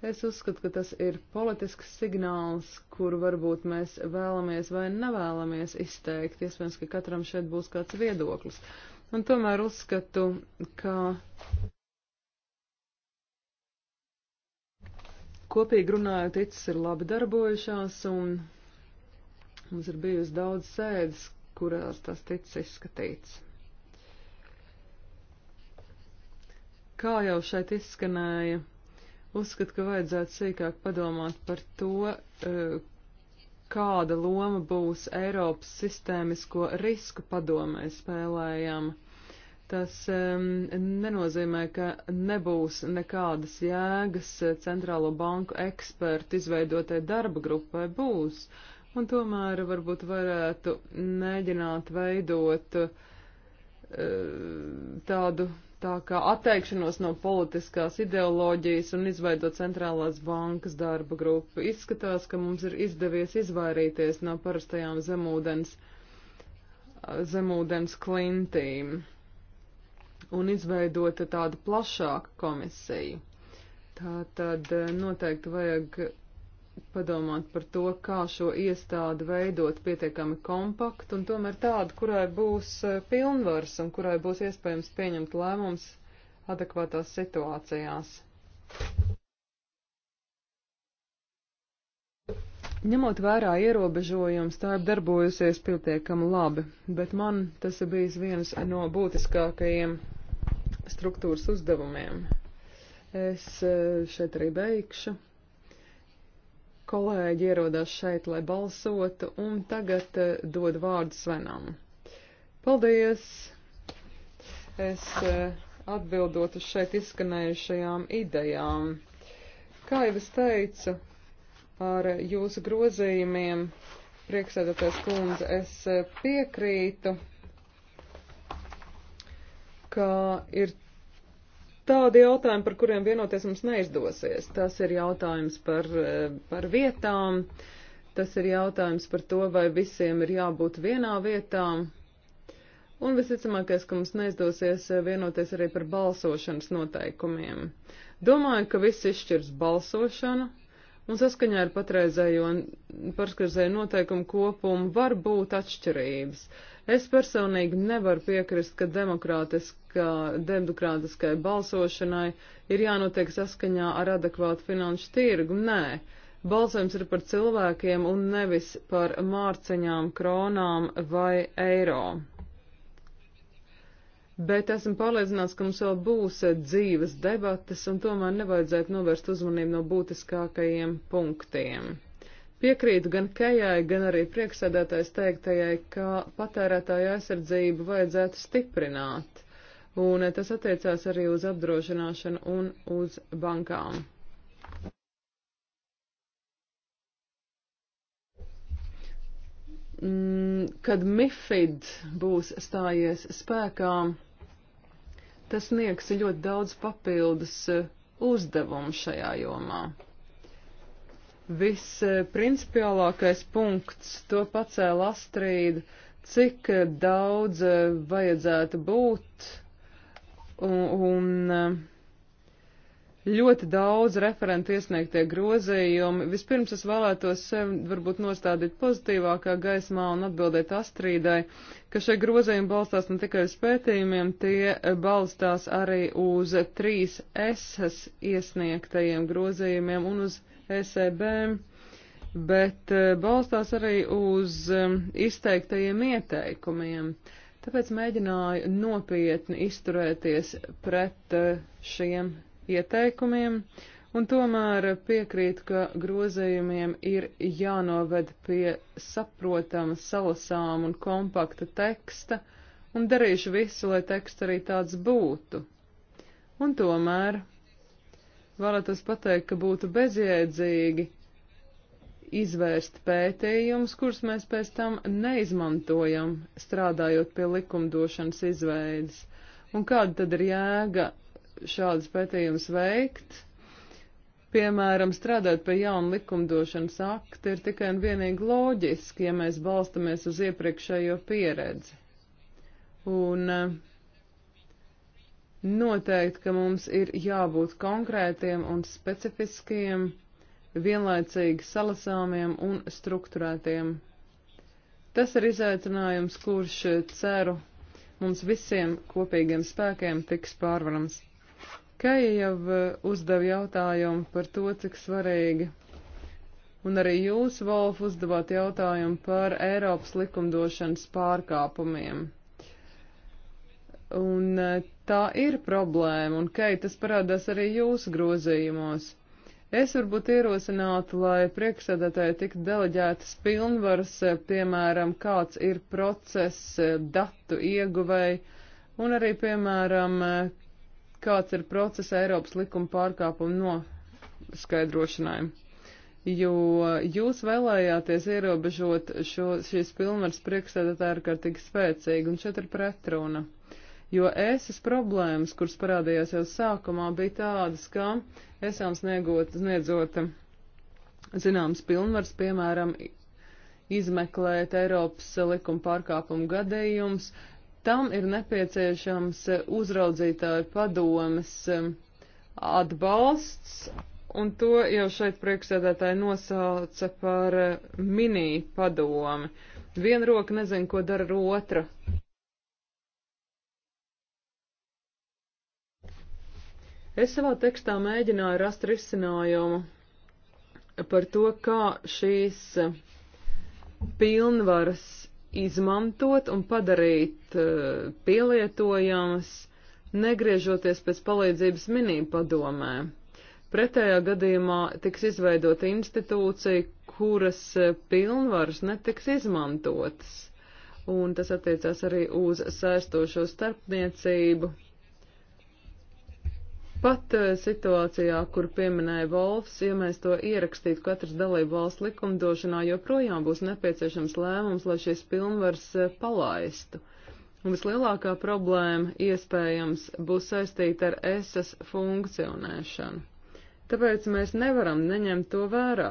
Es uzskatu, ka tas ir politisks signāls, kuru varbūt mēs vēlamies vai nevēlamies izteikt. Iespējams, ka katram šeit būs kāds viedoklis. Un tomēr uzskatu, ka kopīgi runājot, ICS ir labi darbojušās un mums ir bijusi daudz sēdes, kurās tas ticis izskatīts. Kā jau šeit izskanēja, Uzskatu, ka vajadzētu sīkāk padomāt par to, e, kāda loma būs Eiropas sistēmisko risku padomē spēlējama. Tas um, nenozīmē, ka nebūs nekādas jēgas centrālo banku ekspertu izveidotai darba grupai būs, un tomēr varbūt varētu mēģināt veidot uh, tādu Tā kā atteikšanos no politiskās ideoloģijas un izveidot centrālās bankas darba grupu izskatās, ka mums ir izdevies izvairīties no parastajām zemūdens, zemūdens klintīm un izveidot tādu plašāku komisiju. Tā tad eh, noteikti vajag padomāt par to, kā šo iestādi veidot pietiekami kompaktu un tomēr tādu, kurai būs eh, pilnvars un kurai būs iespējams pieņemt lēmums adekvātās situācijās. Ņemot vērā ierobežojums, tā ir darbojusies pietiekami labi, bet man tas ir bijis viens no būtiskākajiem struktūras uzdevumiem. Es eh, šeit arī beigšu kolēģi ierodās šeit, lai balsotu, un tagad eh, dod vārdu Svenam. Paldies! Es eh, atbildot uz šeit izskanējušajām idejām. Kā jau es teicu, ar jūsu grozījumiem, prieksēdoties kundze, es eh, piekrītu, ka ir tādi jautājumi, par kuriem vienoties mums neizdosies. Tas ir jautājums par, par vietām, tas ir jautājums par to, vai visiem ir jābūt vienā vietā. Un visticamākais, ka mums neizdosies vienoties arī par balsošanas noteikumiem. Domāju, ka viss izšķirs balsošana, un saskaņā ar patreizējo parskarzēju noteikumu kopumu var būt atšķirības. Es personīgi nevaru piekrist, ka demokrātiskai balsošanai ir jānotiek saskaņā ar adekvātu finanšu tirgu. Nē, balsojums ir par cilvēkiem un nevis par mārciņām, kronām vai eiro bet esmu pārliecināts, ka mums vēl būs eh, dzīves debates, un tomēr nevajadzētu novērst uzmanību no būtiskākajiem punktiem. Piekrītu gan Kejai, gan arī priekšsēdētājs teiktajai, ka patērētāja aizsardzību vajadzētu stiprināt, un eh, tas attiecās arī uz apdrošināšanu un uz bankām. Mm, kad MIFID būs stājies spēkā, Tas sniegs ļoti daudz papildus eh, uzdevumu šajā jomā. Visprincipiālākais eh, punkts, to pacēla Astrīda, cik eh, daudz vajadzētu būt un, un ļoti daudz referentu iesniegtie grozījumi. Vispirms es vēlētos sevi varbūt nostādīt pozitīvākā gaismā un atbildēt Astrīdai, ka šie grozījumi balstās ne tikai uz pētījumiem, tie eh, balstās arī uz 3S iesniegtajiem grozījumiem un uz SEB bet eh, balstās arī uz eh, izteiktajiem ieteikumiem. Tāpēc mēģināju nopietni izturēties pret šiem ieteikumiem, un tomēr piekrītu, ka grozējumiem ir jānoved pie saprotama, salasām un kompakta teksta, un darīšu visu, lai teksts arī tāds būtu. Un tomēr vēlētos pateikt, ka būtu bezjēdzīgi izvērst pētījumus, kurus mēs pēc tam neizmantojam, strādājot pie likumdošanas izveidas. Un kāda tad ir jēga šādas pētījumus veikt. Piemēram, strādāt pie jauna likumdošanas akta ir tikai un vienīgi loģiski, ja mēs balstamies uz iepriekšējo pieredzi. Un eh, noteikti, ka mums ir jābūt konkrētiem un specifiskiem, vienlaicīgi salasāmiem un strukturētiem. Tas ir izaicinājums, kurš eh, ceru mums visiem kopīgiem spēkiem tiks pārvarams. Keja jau eh, uzdeva jautājumu par to, cik svarīgi. Un arī jūs, Volf, uzdevāt jautājumu par Eiropas likumdošanas pārkāpumiem. Un eh, tā ir problēma, un Keja tas parādās arī jūsu grozījumos. Es varbūt ierosinātu, lai priekšsēdētāji tik deleģētas pilnvaras, eh, piemēram, kāds ir process datu ieguvēji, un arī, piemēram, kāds ir process Eiropas likuma pārkāpumu noskaidrošanai. Jo jūs vēlējāties ierobežot šo, šīs pilnvaras priekšsēdētāju ar kārtīgi spēcīgi, un šeit ir pretruna. Jo esas problēmas, kuras parādījās jau sākumā, bija tādas, ka esam sniegot, sniedzot zināmas pilnvaras, piemēram, izmeklēt Eiropas likuma pārkāpumu gadījumus, tam ir nepieciešams eh, uzraudzītāju padomes eh, atbalsts, un to jau šeit priekšsēdētāji nosauca par eh, mini padomi. Viena roka nezin, ko dara ar otru. Es savā tekstā mēģināju rast risinājumu par to, kā šīs pilnvaras izmantot un padarīt uh, pielietojamas, negriežoties pēc palīdzības minību padomē. Pretējā gadījumā tiks izveidota institūcija, kuras eh, pilnvaras netiks izmantotas, un tas attiecās arī uz sēstošo starpniecību Pat eh, situācijā, kur pieminēja Volfs, ja mēs to ierakstītu katras dalību valsts likumdošanā, joprojām būs nepieciešams lēmums, lai šīs pilnvars eh, palaistu. Un vislielākā problēma iespējams būs saistīta ar esas funkcionēšanu. Tāpēc mēs nevaram neņemt to vērā.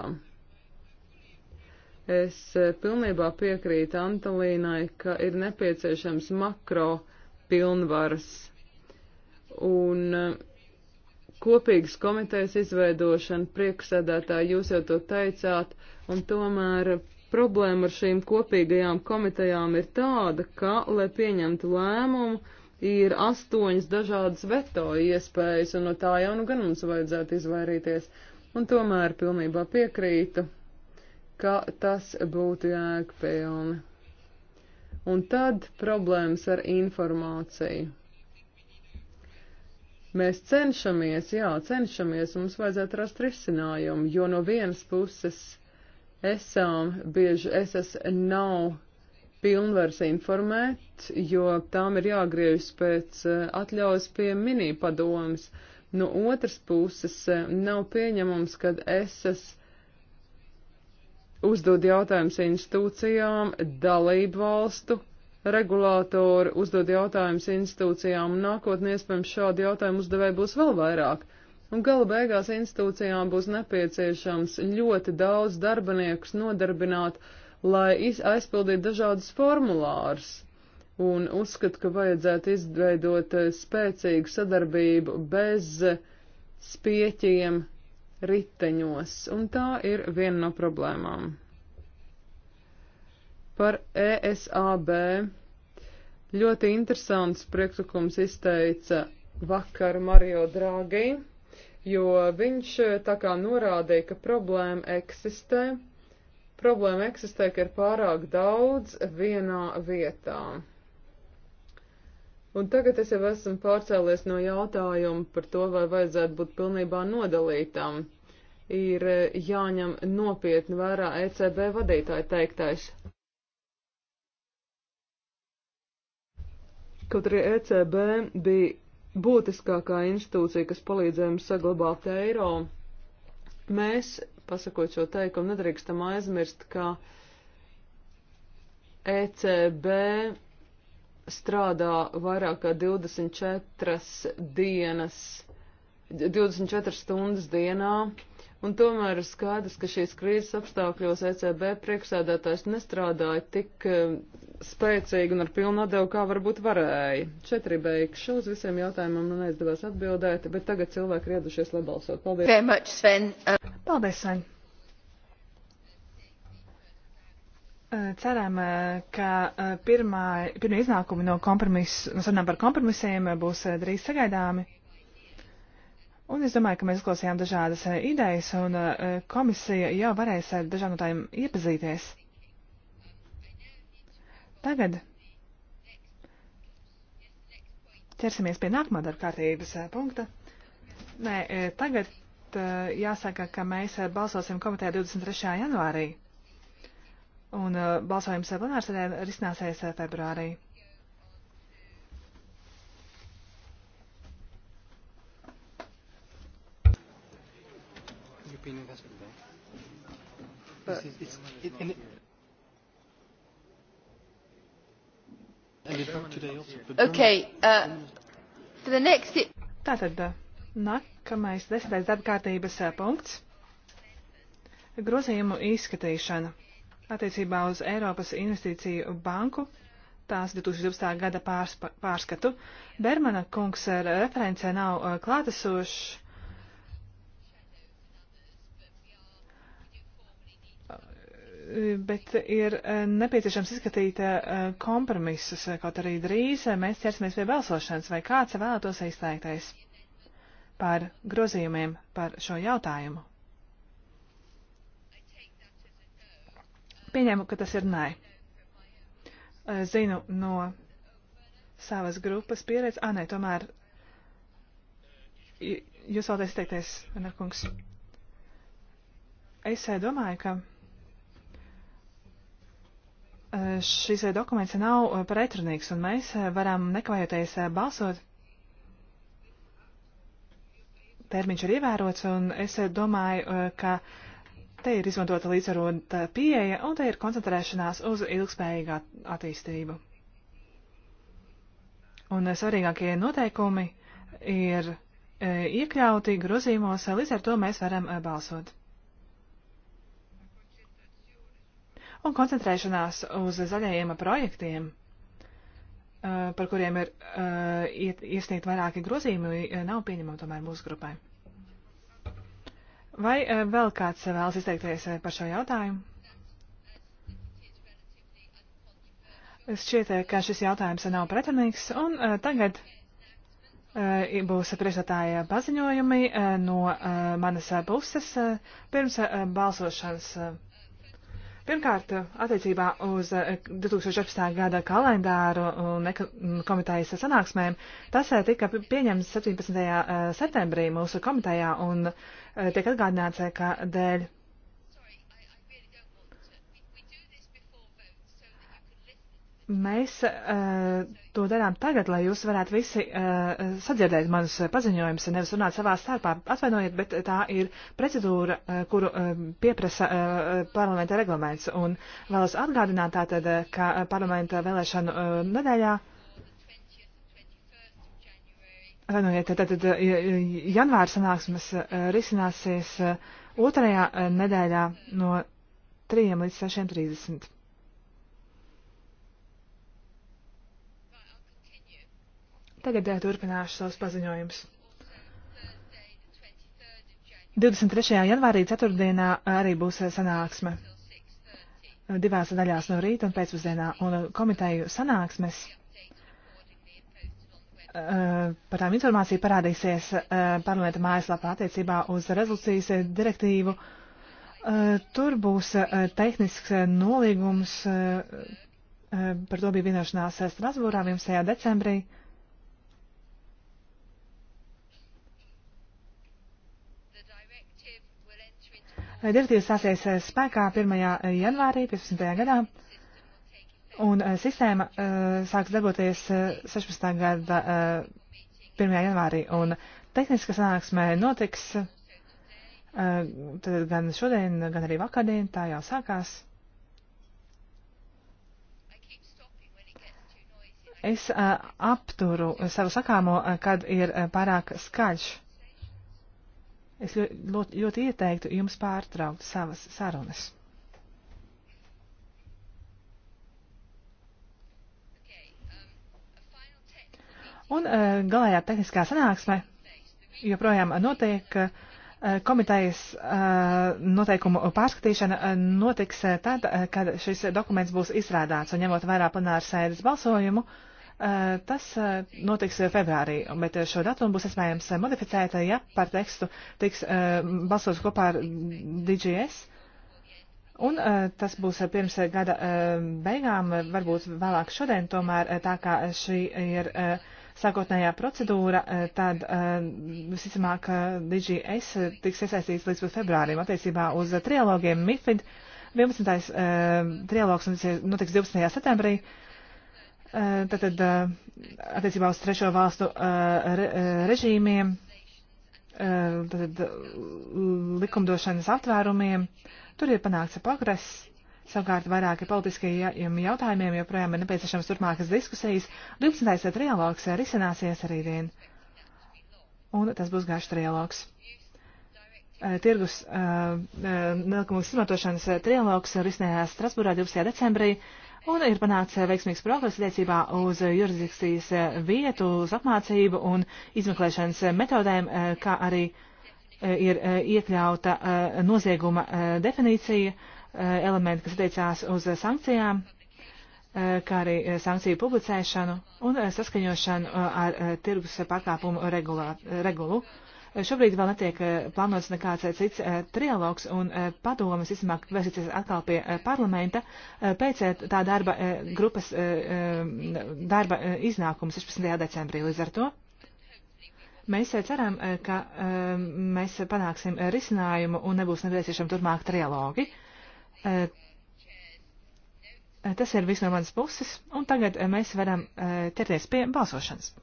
Es eh, pilnībā piekrītu Antolīnai, ka ir nepieciešams makro pilnvaras. Un kopīgas komitejas izveidošana, priekšsēdētāji, jūs jau to teicāt, un tomēr problēma ar šīm kopīgajām komitejām ir tāda, ka, lai pieņemtu lēmumu, ir astoņas dažādas veto iespējas, un no tā jau nu gan mums vajadzētu izvairīties. Un tomēr pilnībā piekrītu, ka tas būtu jēgpilni. Un tad problēmas ar informāciju. Mēs cenšamies, jā, cenšamies, mums vajadzētu rast risinājumu, jo no vienas puses esam bieži, es esmu nav pilnvars informēt, jo tām ir jāgriežas pēc eh, atļaujas pie mini padomas. No otras puses eh, nav pieņemums, kad es esmu uzdod jautājumus institūcijām, dalību valstu regulātori uzdod jautājumus institūcijām, un nākotnē iespējams šādi jautājumi uzdevēji būs vēl vairāk. Un gala beigās institūcijām būs nepieciešams ļoti daudz darbiniekus nodarbināt, lai aizpildītu dažādus formulārus. Un uzskatu, ka vajadzētu izveidot eh, spēcīgu sadarbību bez spieķiem riteņos, un tā ir viena no problēmām. Par ESAB ļoti interesants priekšlikums izteica vakar Mario Draghi, jo viņš eh, tā kā norādīja, ka problēma eksistē. Problēma eksistē, ka ir pārāk daudz vienā vietā. Un tagad es jau esmu pārcēlies no jautājuma par to, vai vajadzētu būt pilnībā nodalītam. Ir eh, jāņem nopietni vērā ECB vadītāja teiktais. Kaut arī ECB bija būtiskākā institūcija, kas palīdzēja mums saglabāt eiro, mēs, pasakot šo teikumu, nedrīkstam aizmirst, ka ECB strādā vairāk kā 24 dienas, 24 stundas dienā, un tomēr ir skaidrs, ka šīs krīzes apstākļos ECB priekšsēdētājs nestrādāja tik eh, spēcīgi un ar pilnu atdevu, kā varbūt varēja. Četri beigšu uz visiem jautājumiem man neizdevās atbildēt, bet tagad cilvēki ir iedušies, lai balsot. Paldies! Very much, Sven. Uh, Paldies, Sven! Uh, ceram, uh, ka pirmā, pirmie iznākumi no kompromisu, no sarunām par kompromisiem būs drīz sagaidāmi. Un es domāju, ka mēs uzklausījām dažādas eh, idejas, un eh, komisija jau varēs ar dažām no tām iepazīties. Tagad ķersimies pie nākamā darba kārtības eh, punkta. Nē, tagad jāsaka, ka mēs balsosim komitejā 23. janvārī, un balsojums plenārsēdē risināsies februārī. European Investment Bank. But this is, it's, it, and it, and it worked today also. But okay. Uh, for the next. It... Tātad uh, nākamais desmitais darbkārtības uh, punkts - grozījumu izskatīšana attiecībā uz Eiropas investīciju banku tās 2012. gada pārspa, pārskatu. Bermana kungs uh, referencē nav klātesošs. bet ir e, nepieciešams izskatīt e, kompromisus, e, kaut arī drīz mēs ķersimies pie balsošanas, vai kāds vēlētos izteikties par grozījumiem par šo jautājumu. Pieņemu, ka tas ir nē. Zinu no savas grupas pieredzes. Ah, nē, tomēr jūs vēlaties izteikties, Venarkungs. Es domāju, ka Eh, šis dokuments nav eh, pretrunīgs, un mēs eh, varam nekavējoties balsot. Termiņš ir ievērots, un es domāju, ka te ir izmantota līdzsvarota pieeja, un te ir koncentrēšanās uz ilgspējīgā attīstību. Un svarīgākie noteikumi ir iekļauti grozījumos, līdz ar to mēs varam balsot. un koncentrēšanās uz zaļajiem projektiem, eh, par kuriem ir eh, iesniegt vairāki grozījumi, eh, nav pieņemama tomēr mūsu grupai. Vai vēl kāds vēlas izteikties par šo jautājumu? Šķiet, ka šis jautājums nav pretrunīgs, un tagad būs priekšstādāja paziņojumi no manas puses pirms balsošanas. Pirmkārt, attiecībā uz 2014. Eh, gada kalendāru un komitejas sanāksmēm, tas eh, tika pieņemts 17. Eh, septembrī mūsu komitejā un tiek atgādināts, ka dēļ Mēs uh, to darām tagad, lai jūs varētu visi uh, sadzirdēt manus paziņojumus, nevis runāt savā starpā. Atvainojiet, bet tā ir procedūra, uh, kuru uh, pieprasa uh, parlamenta reglaments. Un vēlos atgādināt tātad, ka parlamenta vēlēšanu uh, nedēļā. Atvainojiet, tātad janvāra sanāksmes uh, risināsies uh, otrajā uh, nedēļā no 3 līdz 6.30. Tagad jā, eh, turpināšu savus paziņojumus. 23. janvārī ceturtdienā arī būs eh, sanāksme eh, divās daļās no rīta un pēcpusdienā, un komiteju sanāksmes par tām informāciju parādīsies parlamenta mājaslapā attiecībā uz rezolūcijas direktīvu. Tur būs tehnisks nolīgums, par to bija vienošanās Strasbūrā 11. decembrī. Direktīva stāsies eh, spēkā 1. Eh, janvārī 15. gadā, un eh, sistēma sāks darboties 16. gada 1. janvārī, un tehniska sanāksmē notiks tad gan šodien, gan arī vakardien, tā jau sākās. Es apturu savu sakāmo, kad ir pārāk skaļš. Es ļoti, ļoti, ļoti ieteiktu jums pārtraukt savas sarunas. Un uh, galējā tehniskā sanāksme joprojām notiek. Uh, komitejas uh, noteikumu pārskatīšana notiks tad, kad šis dokuments būs izstrādāts un ņemot vairāk plenāru sēdes balsojumu. Uh, Eh, tas eh, notiks eh, februārī, bet šo datumu būs iespējams modificēt, ja par tekstu tiks balsots kopā ar DGS. Un tas būs pirms gada beigām, varbūt vēlāk šodien, tomēr tā kā šī ir sākotnējā procedūra, tad visticamāk DGS tiks iesaistīts līdz februārim attiecībā uz trialogiem MIFID. 11. trialogs notiks 12. septembrī Tātad attiecībā uz trešo valstu re, režīmiem, tātad likumdošanas aptvērumiem, tur ir panākts progress. Savukārt vairāki politiskajiem jautājumiem joprojām ir nepieciešams turpmākas diskusijas. 12. trialogs risināsies arī dien. Un tas būs garš trialogs. Tirgus nelikumīgas izmantošanas trialogs risinājās Strasburā 12. decembrī. Un ir panāks eh, veiksmīgs progress attiecībā uz eh, jurisdikcijas eh, vietu, uz apmācību un izmeklēšanas metodēm, kā arī ir iekļauta nozieguma definīcija, elementi, kas attiecās uz sankcijām, kā arī sankciju publicēšanu un saskaņošanu ar tirgus pārkāpumu regulā, regulu. Šobrīd vēl netiek eh, plānots nekāds eh, cits eh, trialogs, un padomas izmāk vērsīsies atkal pie parlamenta pēc tā darba grupas darba iznākuma 16. decembrī līdz ar to. Mēs ceram, ka mēs panāksim risinājumu un nebūs nepieciešami turpmāk trialogi. Tas ir viss no manas puses, un tagad mēs varam ķerties pie balsošanas.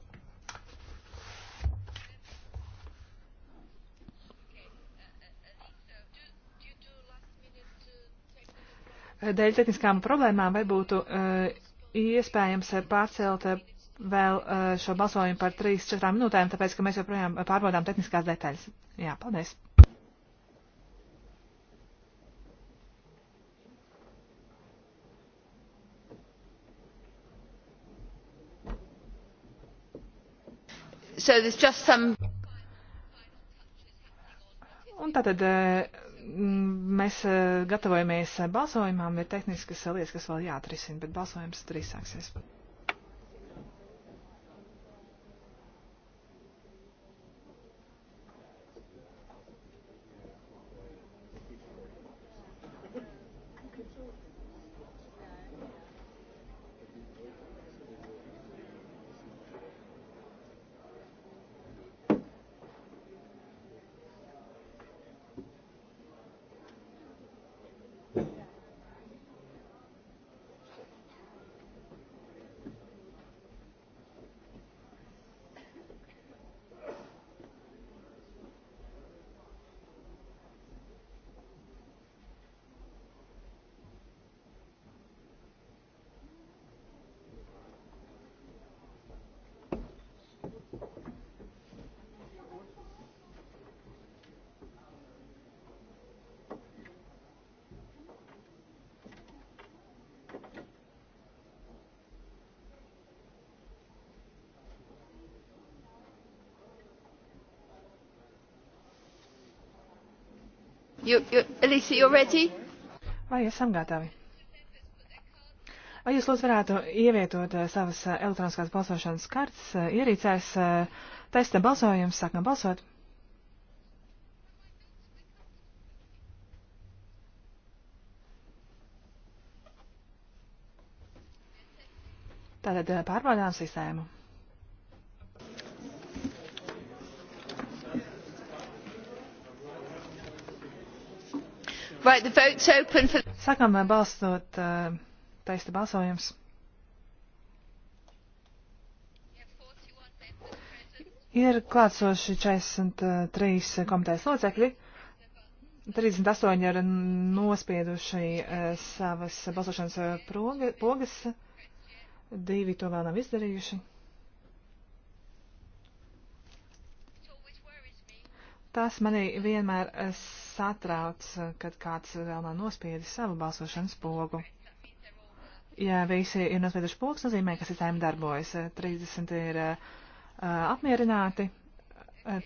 dēļ tehniskām problēmām vai būtu eh, iespējams pārcelt eh, vēl eh, šo balsojumu par 3-4 minūtēm, tāpēc, ka mēs joprojām pārbaudām tehniskās detaļas. Jā, paldies! so there's just some. Un tātad mēs eh, gatavojamies eh, balsojumam, ir tehniskas eh, lietas, kas vēl jāatrisina, bet balsojums drīz sāksies. You, you, Elisa, you ready? Vai esam gatavi? Vai jūs lūdzu varētu ievietot eh, savas eh, elektroniskās balsošanas kartas eh, ierīcēs testa balsojums, sākam balsot? Tātad pārbaudām sistēmu. Right, the vote's open for... Sākam eh, balsot eh, taista balsojums. Ir klātsoši 43 eh, komitejas locekļi. 38 ir nospieduši savas balsošanas pogas. Divi to vēl nav izdarījuši. Tas manī vienmēr satrauc, eh, kad kāds vēl nav nospiedis savu balsošanas pogu. Ja visi ir nospieduši pogas, nozīmē, ka sistēma darbojas. 30 eh, ir uh, apmierināti,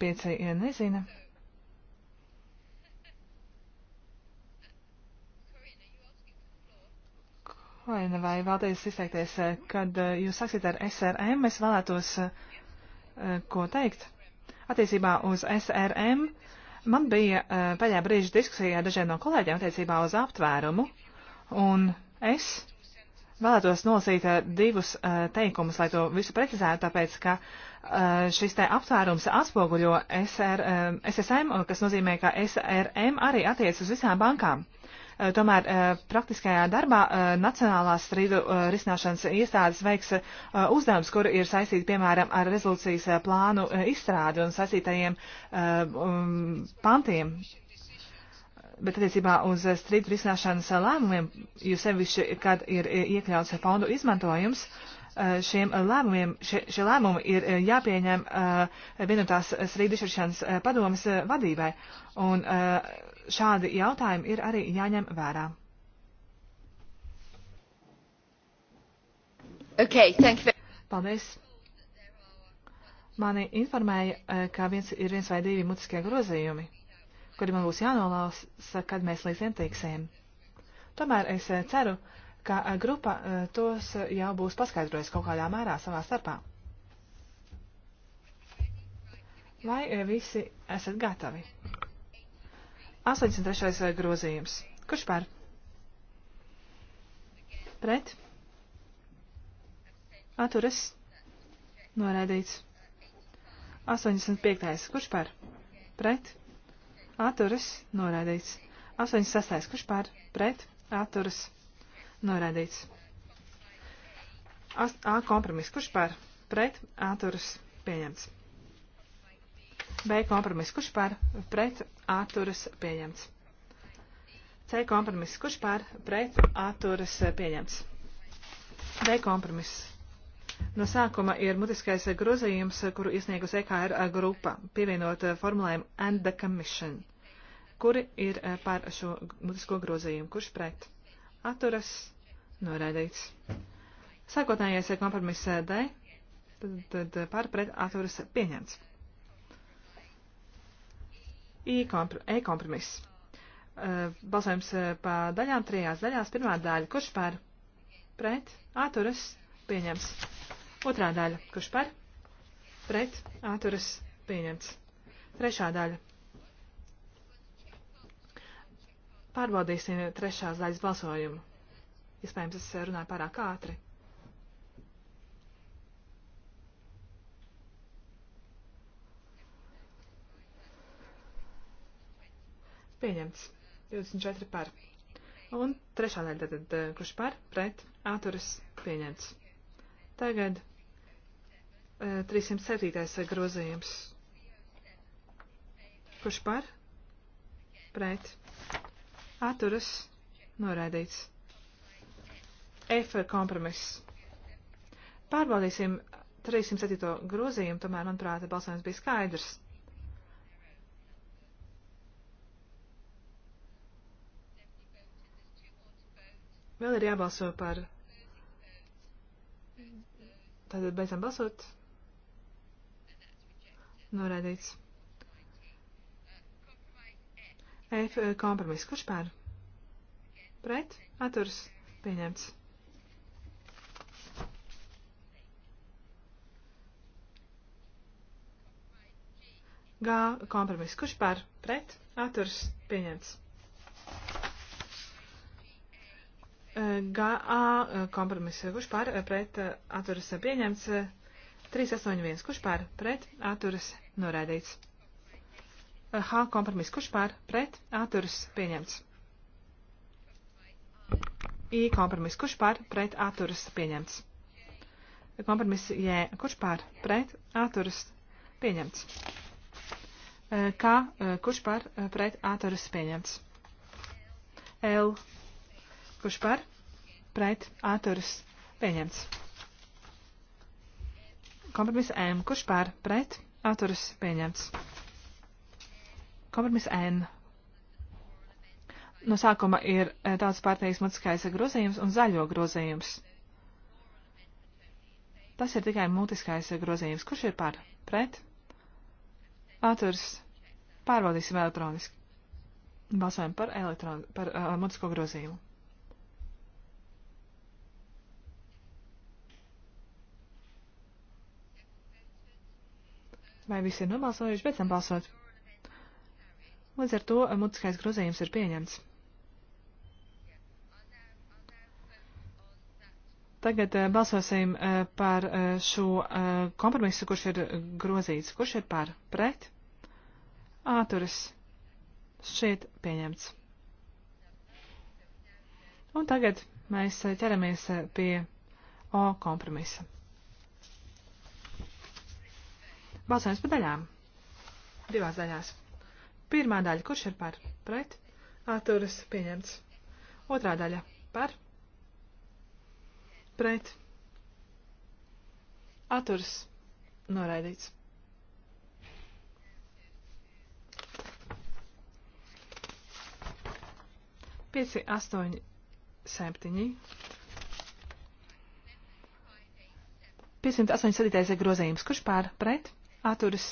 5 ir nezina. Korina, vai vēlaties izteikties, kad jūs saksiet ar SRM, es vēlētos uh, ko teikt. Attiecībā uz SRM uh, Man bija pēdējā eh, brīža diskusijā dažiem no kolēģiem attiecībā uz aptvērumu, un es vēlētos nolasīt eh, divus eh, teikumus, lai to visu precizētu, tāpēc, ka šis te aptvērums atspoguļo SR, SSM, kas nozīmē, ka SRM arī attiec uz visām bankām. Tomēr eh, praktiskajā darbā eh, Nacionālās strīdu eh, risināšanas iestādes veiks uzdevums, kur ir saistīti, piemēram, ar rezolūcijas plānu izstrādi un saistītajiem um, pantiem. Bet attiecībā uz strīdu risināšanas lēmumiem, jo sevišķi, kad ir iekļauts fondu izmantojums, uh, Eh, šiem lēmumiem, šie, šie lēmumi ir eh, jāpieņem eh, vienotās strīdišķiršanas padomas vadībai, un šādi jautājumi ir arī jāņem vērā. Okay, thank you. Paldies. Mani informēja, ka viens ir viens vai divi mutiskie grozījumi, kuri man būs jānolausa, kad mēs līdz tiem tiksēm. Tomēr es ceru, uh, ka eh, grupa eh, tos eh, jau būs paskaidrojusi kaut kādā mērā savā starpā. Vai visi esat gatavi? 83. grozījums. Kurš par? Pret? Atturas? Noraidīts. 85. Kurš par? Pret? Atturas? Noraidīts. 86. Kurš par? Pret? Atturas? Noraidīts. Ast, A kompromiss. Kurš par? Pret. Atturas. Pieņemts. B kompromiss. Kurš par? Pret. Atturas. Pieņemts. C kompromiss. Kurš par? Pret. Atturas. Pieņemts. D kompromiss. No sākuma ir mutiskais grozījums, kuru iesniegus EKR grupa, pievienot formulējumu and the commission. Kuri ir par šo mutisko grozījumu? Kurš pret? atturas, noraidīts. Sākotnējais ir kompromiss eh, D, tad, tad eh, par pret atturas pieņemts. I kompr e kompromiss. Eh, balsojums pa daļām trijās daļās. Pirmā daļa, kurš par pret atturas pieņems. Otrā daļa, kurš par pret atturas pieņemts. Trešā daļa, Pārbaudīsim trešās daļas balsojumu. Iespējams, es runāju pārāk ātri. Pieņemts. 24 par. Un trešā daļa tad, eh, kurš par, pret, atturas, pieņemts. Tagad 307. Eh, grozījums. Kurš par, pret, atturas noraidīts. F kompromiss. Pārbaudīsim 307. grozījumu, tomēr, manuprāt, balsojums bija skaidrs. Vēl ir jābalso par. Tātad beidzam balsot. Noraidīts. F eh, kompromiss. Kurš pār? Pret? Atturs. Pieņemts. G kompromiss. Kurš pār? Pret? Atturs. Pieņemts. Eh, GA eh, kompromiss. Kurš pār? Pret? Atturs. Pieņemts. 381. Kurš pār? Pret? Atturs. Noraidīts. H kompromiss. Kurš pār? Pret. Atturas pieņemts. I kompromiss. Kurš pār? Pret. Atturas pieņemts. Kompromiss J. Kurš pār? Pret. Atturas pieņemts. E, K. E, kurš pār? Pret. Atturas pieņemts. L. Kurš pār? Pret. Atturas pieņemts. Kompromiss M. Kurš pār? Pret. Atturas pieņemts. Kompromis N. No sākuma ir eh, tāds pārteikts mutiskais grozījums un zaļo grozījums. Tas ir tikai mutiskais grozījums. Kurš ir par? Pret? Atturs. Pārbaudīsim elektroniski. Balsojam par, elektron, par uh, mutisko grozījumu. Vai visi ir nobalsojuši? Beidzam balsot. Līdz ar to mutiskais grozījums ir pieņemts. Tagad eh, balsosim eh, par eh, šo kompromisu, kurš ir grozīts. Kurš ir par? Pret? Āturis. Šķiet pieņemts. Un tagad mēs ķeramies pie O kompromisa. Balsojums pa daļām. Divās daļās. Pirmā daļa, kurš ir par? Pret? Atturas pieņemts. Otrā daļa, par? Pret? Atturas noraidīts. Pieci, astoņi, septiņi. 587. grozījums, kurš pār pret atturas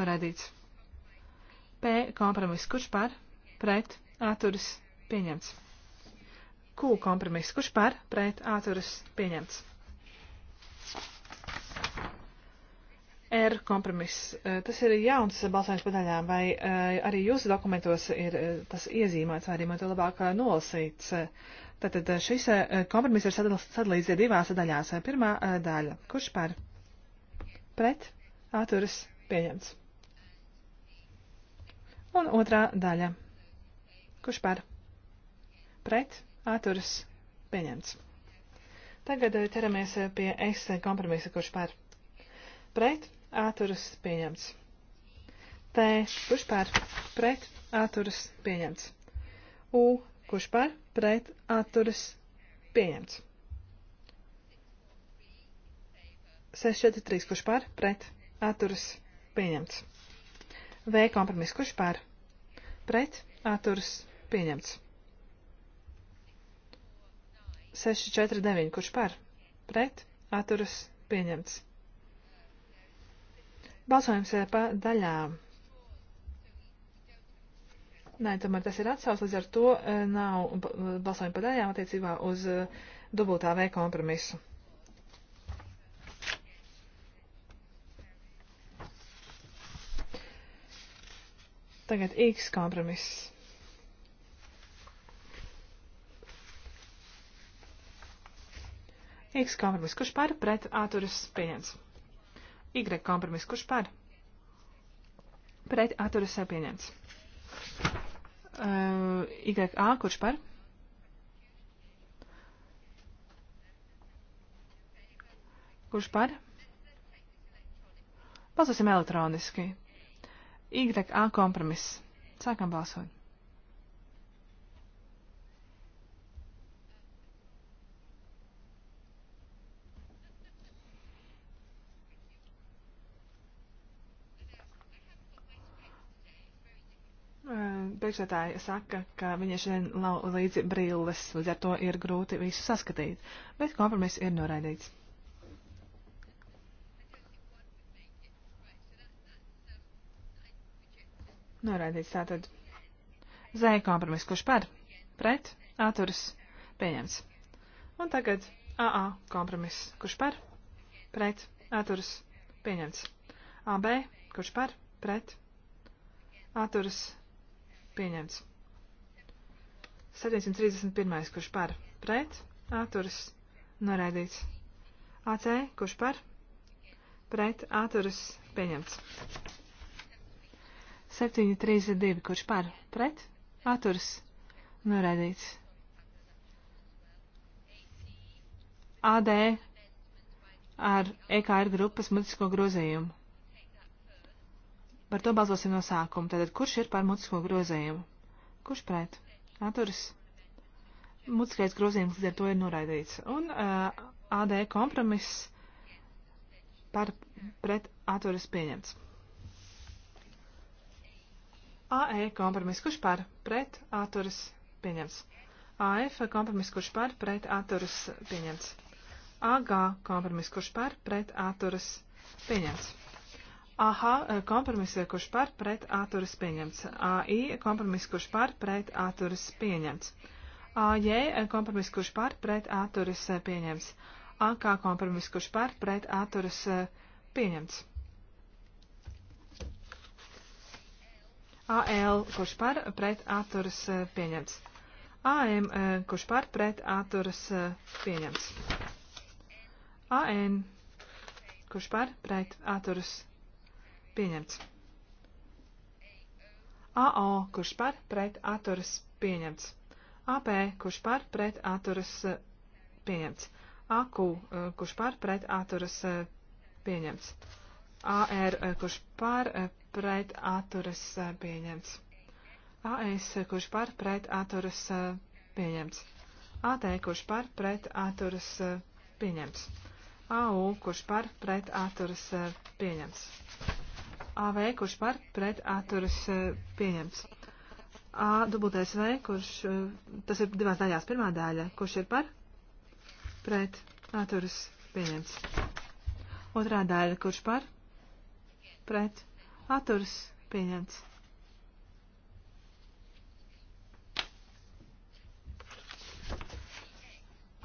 noraidīts. P kompromiss, kurš par, pret, atturas, pieņemts. Q kompromiss, kurš par, pret, atturas, pieņemts. R kompromiss, tas ir jauns balsojums par daļām, vai arī jūsu dokumentos ir tas iezīmēts, vai arī man to labāk nolasīts. Tātad šis kompromiss ir sadalīts divās daļās. Pirmā daļa, kurš par, pret, atturas, pieņemts. Un otrā daļa. Kurš par? Pret, atturas, pieņemts. Tagad eh, ķeramies eh, pie S kompromisa, kurš par. Pret, āturas pieņemts. T, kurš par, pret, āturas pieņemts. U, kurš par, pret, āturas pieņemts. 6, 4, 3, kurš par, pret, āturas pieņemts. V kompromiss, kurš par? Pret atturas pieņemts. 649, kurš par? Pret atturas pieņemts. Balsojums ir eh, pa daļām. Nē, tomēr tas ir atsauts, līdz ar to eh, nav balsojuma pa daļām attiecībā uz eh, dubultā V kompromisu. Tagad X kompromiss. X kompromiss, kurš par pret atturas pieņems. Y kompromiss, kurš par pret atturas pieņems. Uh, YA, kurš par? Kurš par? Balsosim elektroniski. YA kompromiss. Sākam balsot. Eh, priekšsētāji saka, ka viņa šodien nav līdzi brilles, līdz ar to ir grūti visu saskatīt, bet kompromiss ir noraidīts. Norādīts tātad. Zēja kompromiss, kurš par? Pret? Atturas. Pieņemts. Un tagad AA kompromiss, kurš par? Pret? Atturas. Pieņemts. AB, kurš par? Pret? Atturas. Pieņemts. 731. kurš par? Pret? Atturas. Noraidīts. AC, kurš par? Pret? Atturas. Pieņemts. 732, kurš par pret atturas norādīts. AD ar EKR grupas mutisko grozījumu. Par to balsosim no sākuma. Tātad, kurš ir par mutisko grozījumu? Kurš pret? Atturas. Mutiskais grozījums līdz ar to ir noraidīts. Un uh, AD kompromiss par pret atturas pieņemts. AE kompromiss, kurš par pret atturas pieņemts. AF kompromiss, kurš par pret atturas pieņemts. AG kompromiss, kurš par pret atturas pieņemts. AH kompromiss, kurš par pret atturas pieņemts. AI kompromiss, kurš par pret atturas pieņemts. AJ eh, kompromiss, kurš par pret atturas eh, pieņemts. AK kompromiss, kurš par pret atturas pieņemts. AL, eh, eh, eh, kurš par pret atturas pieņemts. AM, kurš par pret atturas pieņemts. AN, kurš par pret atturas pieņemts. AO, kurš par pret atturas pieņemts. AP, kurš par pret atturas pieņemts. AQ, kurš par pret atturas pieņemts. AR, kurš par pret atturas eh, pieņemts. AS, kurš par pret atturas eh, pieņemts. AT, kurš par pret atturas eh, pieņemts. AU, kurš par pret atturas pieņemts. AV, kurš par pret atturas pieņemts. AW, kurš, tas ir divās daļās, pirmā daļa, kurš ir par pret atturas pieņemts. Otrā daļa, kurš par pret Atturs pieņemts.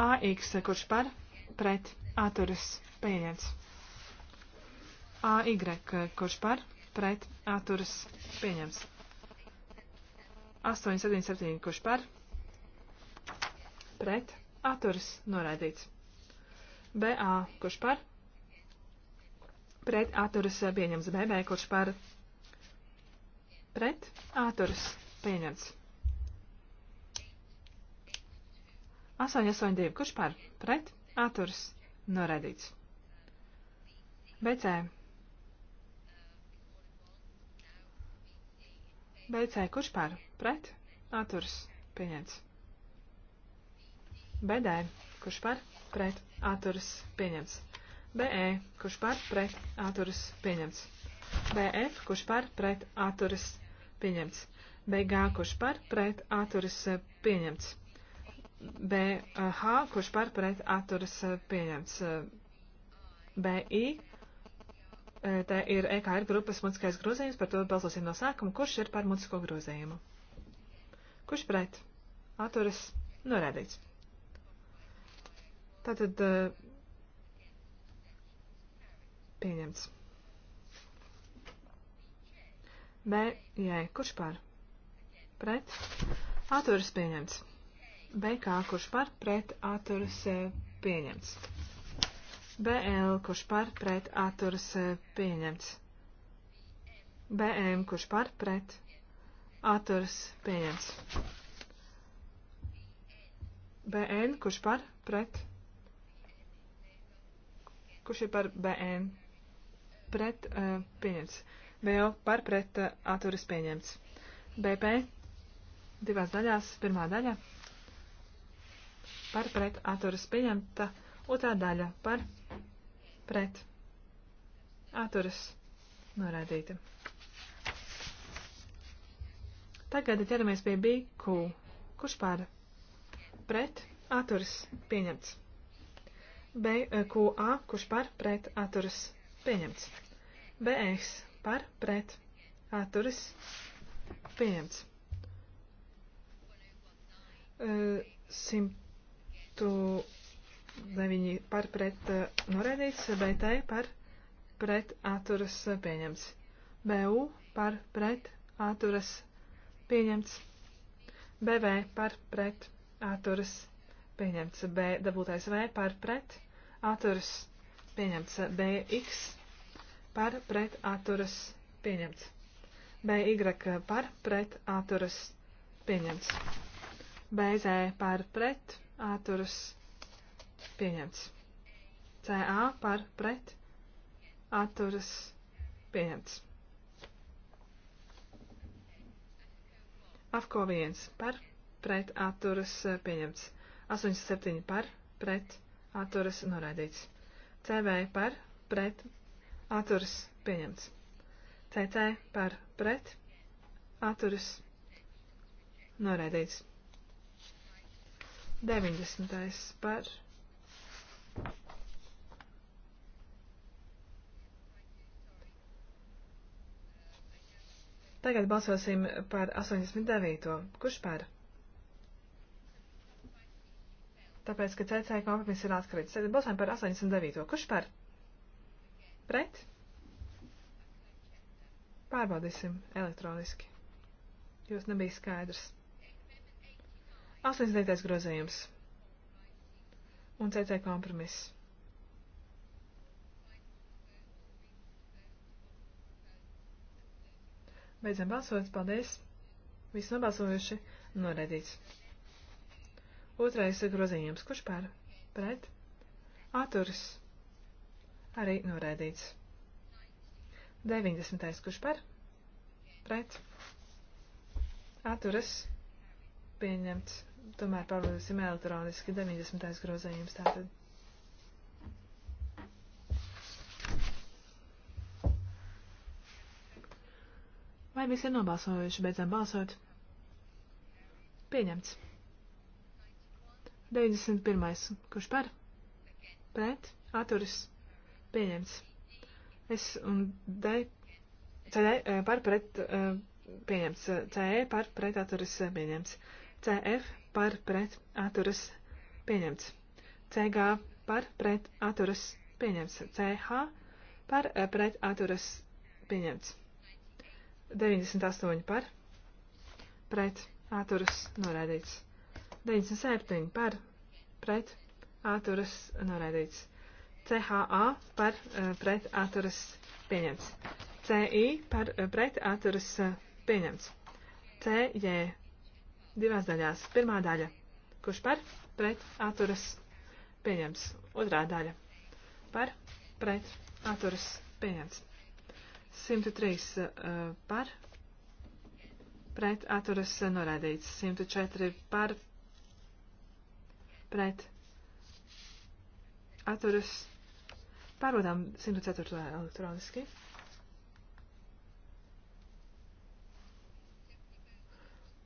AX, kurš par, pret, atturas, pieņemts. AY, kurš par, pret, atturas, pieņemts. 877, kurš par, pret, atturas, noraidīts. BA, kurš par, pret atturas eh, pieņemts BB, kurš par pret atturas pieņemts. 882, kurš par pret atturas noraidīts. BC. BC, kurš par pret atturas pieņemts. BD, kurš par pret atturas pieņemts. BE, kurš par pret atturas pieņemts. BF, kurš par pret atturas pieņemts. BG, kurš par pret atturas eh, pieņemts. BH, kurš par pret atturas eh, pieņemts. BI, eh, te ir EKR grupas mutiskais grozījums, par to balsosim no sākuma, kurš ir par mutisko grozījumu. Kurš pret? Atturas norēdīts. Tātad Pieņemts. B, jē, kurš par? Pret. Atturas pieņemts. B, kā, kurš par? Pret. Atturas eh, pieņemts. B, L, kurš par? Pret. Atturas eh, pieņemts. B, M, kurš par? Pret. Atturas pieņemts. B, N, kurš par? Pret. Kurš ir par B, N? pret eh, pieņemts. BO par pret eh, atturas pieņemts. BP divās daļās. Pirmā daļa par pret atturas pieņemta. Otrā daļa par pret atturas norādīta. Tagad ķeramies pie BQ. Kurš pār? Pret atturas pieņemts. BQA, kurš par pret atturas Pieņemts. BX par pret atturas pieņemts. 109 e, par pret e, norēdīts, BT par pret atturas pieņemts. BU par pret atturas pieņemts. BV par pret atturas pieņemts. B dabūtais V par pret atturas pieņemts pieņemts. BX par pret atturas pieņemts. BY par pret atturas pieņemts. BZ par pret atturas pieņemts. CA par pret atturas pieņemts. AFCO 1 par pret atturas pieņemts. 87 par pret atturas noraidīts. CV par pret atturas pieņemts. CC par pret atturas noraidīts. 90. par Tagad balsosim par 89. Kurš par? tāpēc, ka CC kompromiss ir atkarīgs. Tad balsojam par 89. Kurš par? Pret? Pārbaudīsim elektroniski. Jūs nebija skaidrs. 89. grozījums un CC kompromiss. Beidzam balsot, paldies! Visi nobalsojuši, noraidīts. Otrais grozījums. Kurš par? Pret? Atturas. Arī noraidīts. 90. Kurš par? Pret? Atturas. Pieņemts. Tomēr pārbaudīsim elektroniski 90. grozījums tātad. Vai visi ir nobalsojuši? Beidzam balsot. Pieņemts. 91. Kurš par? Pret. Atturis. Pieņemts. S un D. CD eh, par pret. Eh, pieņemts. CE eh, par pret atturis pieņemts. CF par pret atturis pieņemts. CG par pret atturis pieņemts. CH par pret atturis pieņemts. 98 par pret atturis norādīts. 97 par pret āturas noraidīts. CHA par eh, pret āturas pieņemts. CI par eh, pret āturas eh, pieņemts. CJ divās daļās. Pirmā daļa. Kurš par pret āturas pieņemts. Otrā daļa. Par pret āturas pieņemts. 103 par pret atturas noraidīts, 104 par pret atturas pārvadām 104. elektroniski.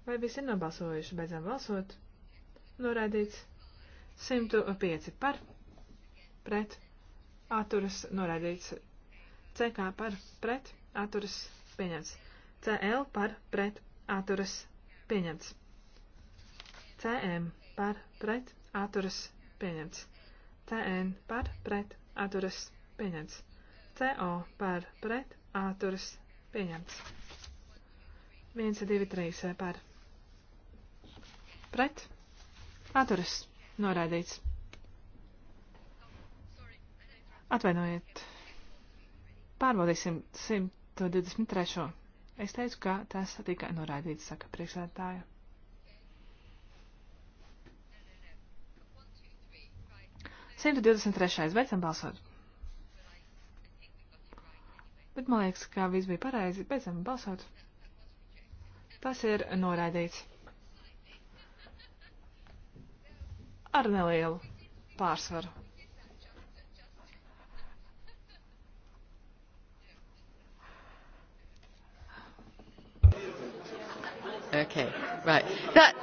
Vai visi ir nobalsojuši? Beidzām balsot. Noraidīts 105 par pret atturas noraidīts CK par pret atturas pieņemts. CL par pret atturas pieņemts. CM par pret atturas pieņemts. TN par pret atturas pieņemts. CO par pret atturas pieņemts. 1, 2, 3 par pret atturas norādīts. Atvainojiet. Pārbaudīsim 123. Es teicu, ka tas tika norādīts, saka priekšsētāja. 123. Beidzam balsot. Bet man liekas, ka viss bija pareizi. Beidzam balsot. Tas ir noraidīts. Ar nelielu pārsvaru. Okay, right. That.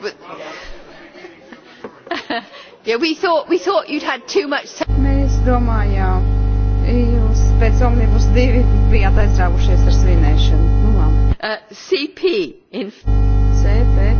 But... (laughs) yeah, we thought, we thought you'd had too much time. Mēs domājām, jūs pēc omnibus divi bijāt aizrāvušies ar svinēšanu. Nu labi. Uh, CP. In... CP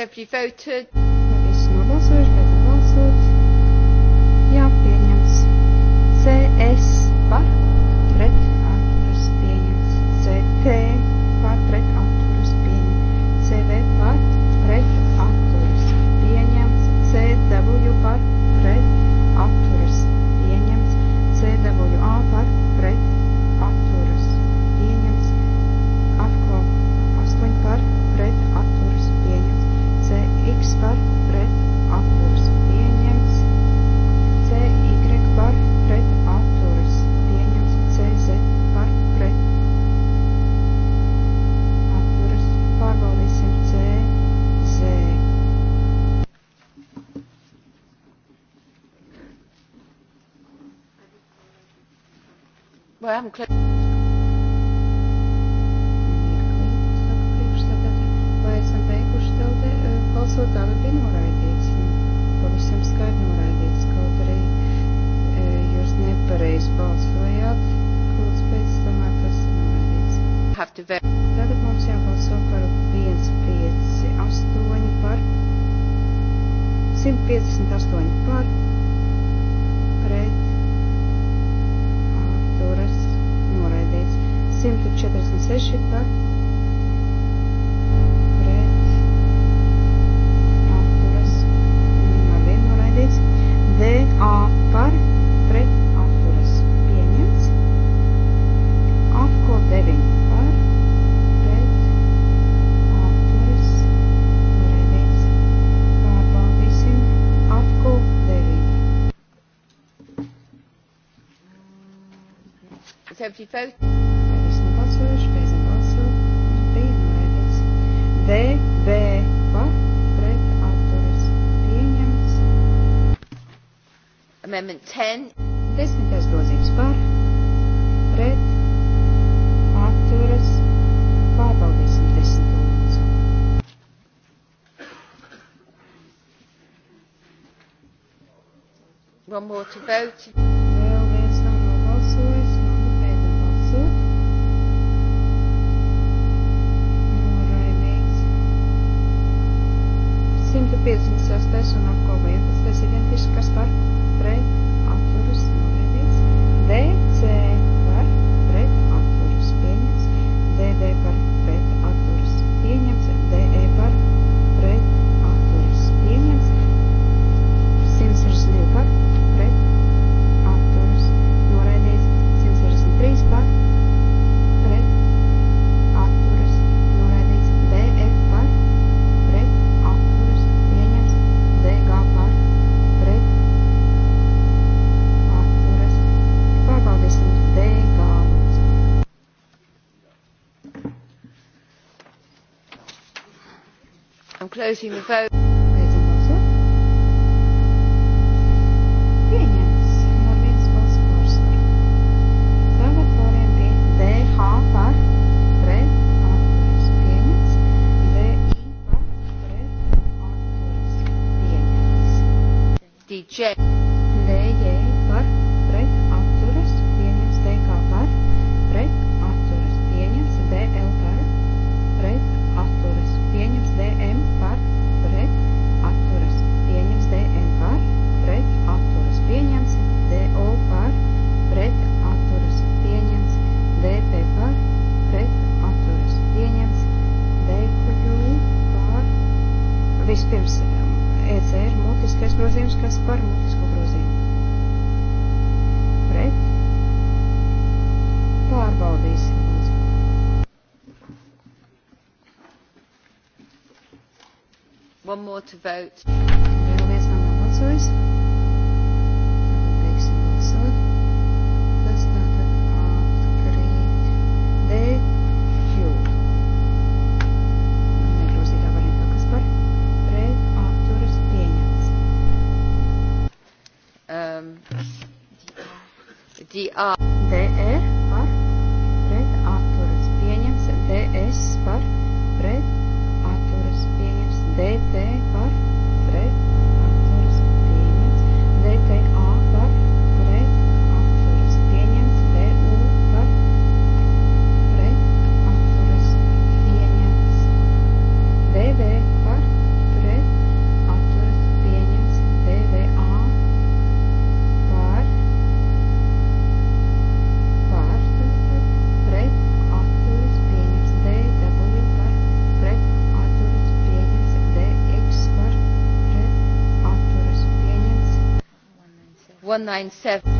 Has everybody voted? I'm close. Identität. Esmu balsojuši, beidzam balsot. P noraidīts. D, B par pret atturas pieņemts. Amendment 10. Desmitais grozījums par pret atturas pārbaudīsim desmito. One more to vote. 506 un ar ko 11 identiski, kas par pret atturas noraidīts. DC par pret atturas pieņems. DD par closing the vote. Beidzam balsot. Pieņemts ar viens balss pārsvaru. Tagad pārējām pie DH par pret atturas pieņemts. DI par pret atturas pieņemts. DJ. One more to vote. Vēl viens nav nobalsojis. 297.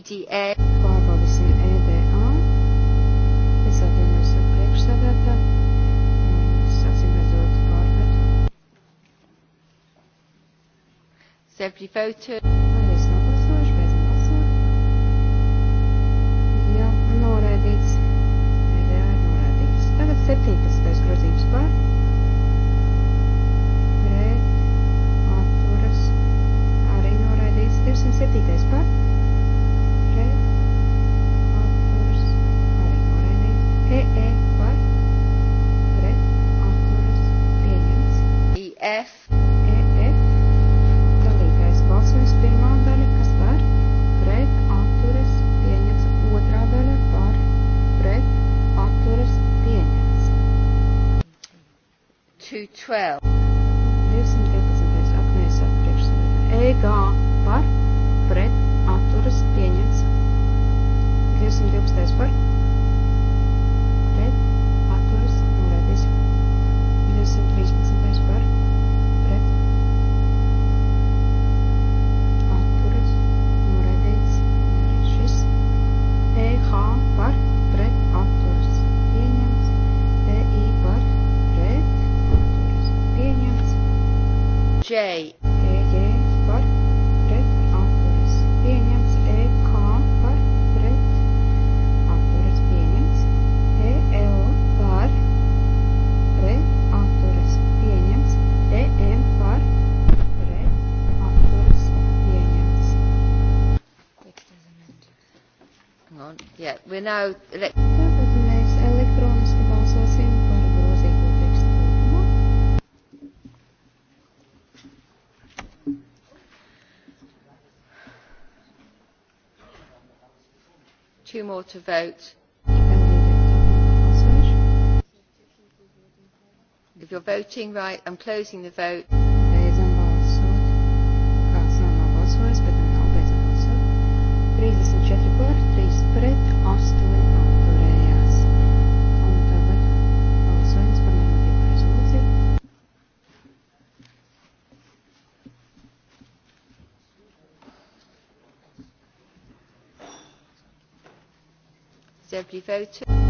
EDA. Pārbaudīsim EDA. Es atvainojos ar priekšsēdētāju. Sāksim redzot pārmetu. Simply voted. today. EG par pret atturas pieņemts, EK par pret atturas pieņemts, EL par pret atturas pieņemts, EM par pret atturas pieņemts. Come on, yeah, we're now... two more to vote. If you're voting right, I'm closing the vote. Beidzam balsot. Kāds nav nobalsojis, bet nav beidzam balsot. 34 par, 3 pret, 8 Has everybody voted?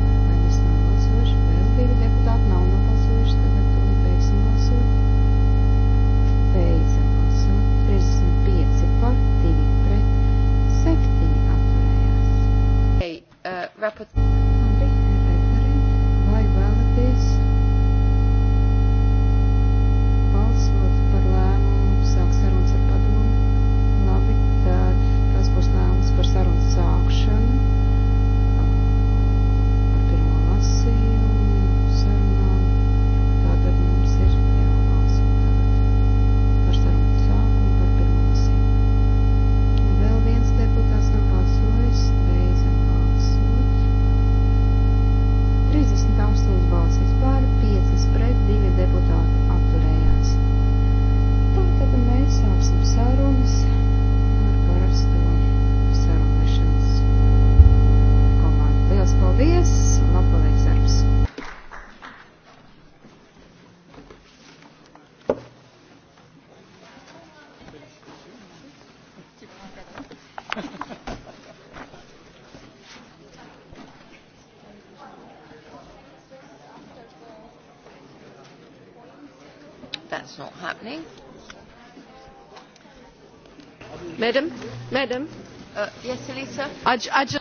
Madam? Uh, yes, Elisa? I, I just...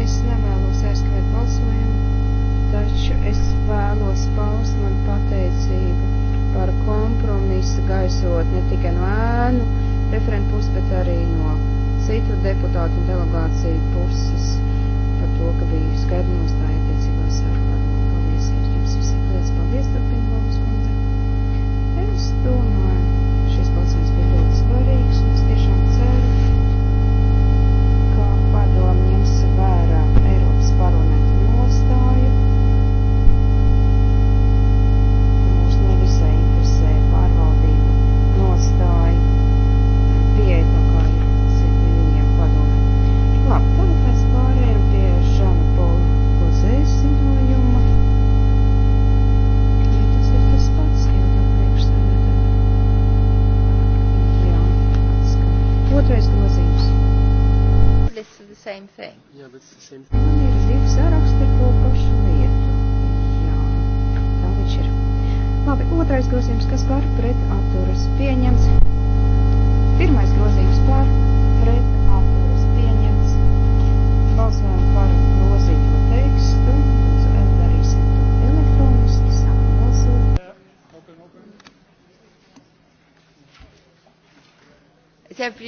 Es nevēlos aizskavēt balsojumu, taču es vēlos paust man pateicību par kompromisu gaisot ne tikai no ēnu referentu puses, bet arī no citu deputātu un delegāciju puses par to, ka bija skaidri nostāja attiecībās ar padomu. Paldies jums visiem. Liels paldies, turpina Valdes kundze. Es domāju, šis balsojums bija ļoti svarīgs. vērā Eiropas parlamentu.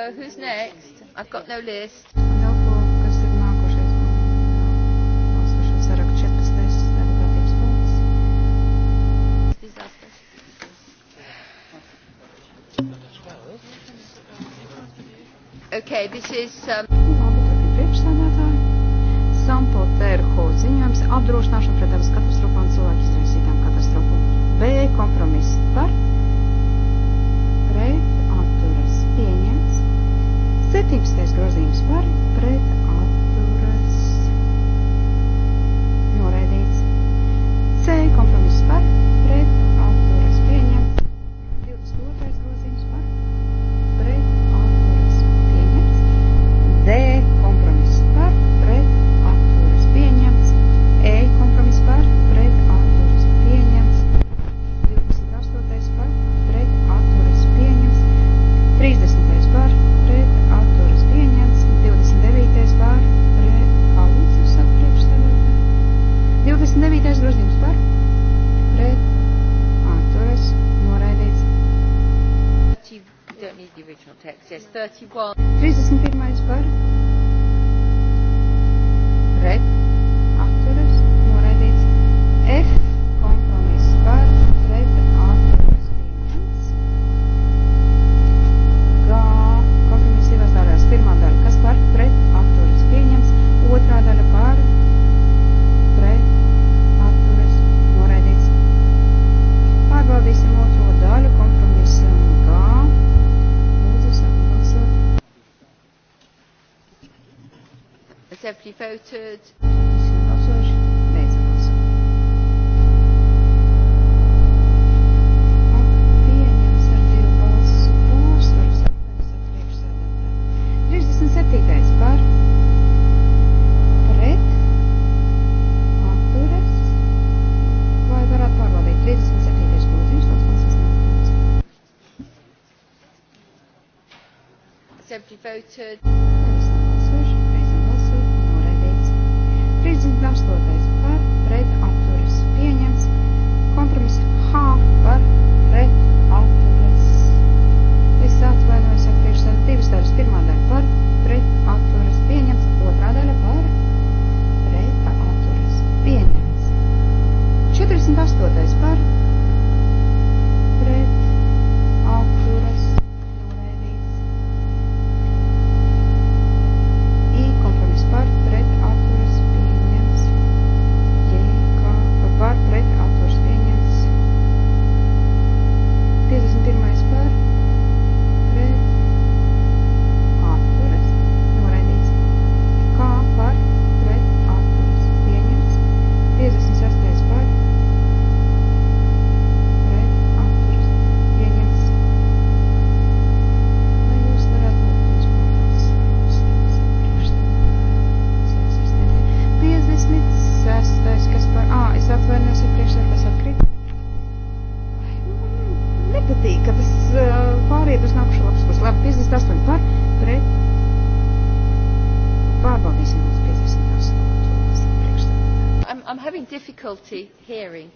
So who's next? I've got no list. Okay, this is um... Labi, tad ir priekšstādātāji. Sampo Terho ziņojums apdrošināšana pret dabas katastrofām cilvēku izraisītām katastrofām. B kompromiss par 17. grozījums par pret atturas noraidīts. C kompromiss par pret atturas 31. adopted. Septītais par pret atturas, lai varētu pārbaudīt 37. grozījums, tas mums esmu. Has everybody voted? difficulty hearing.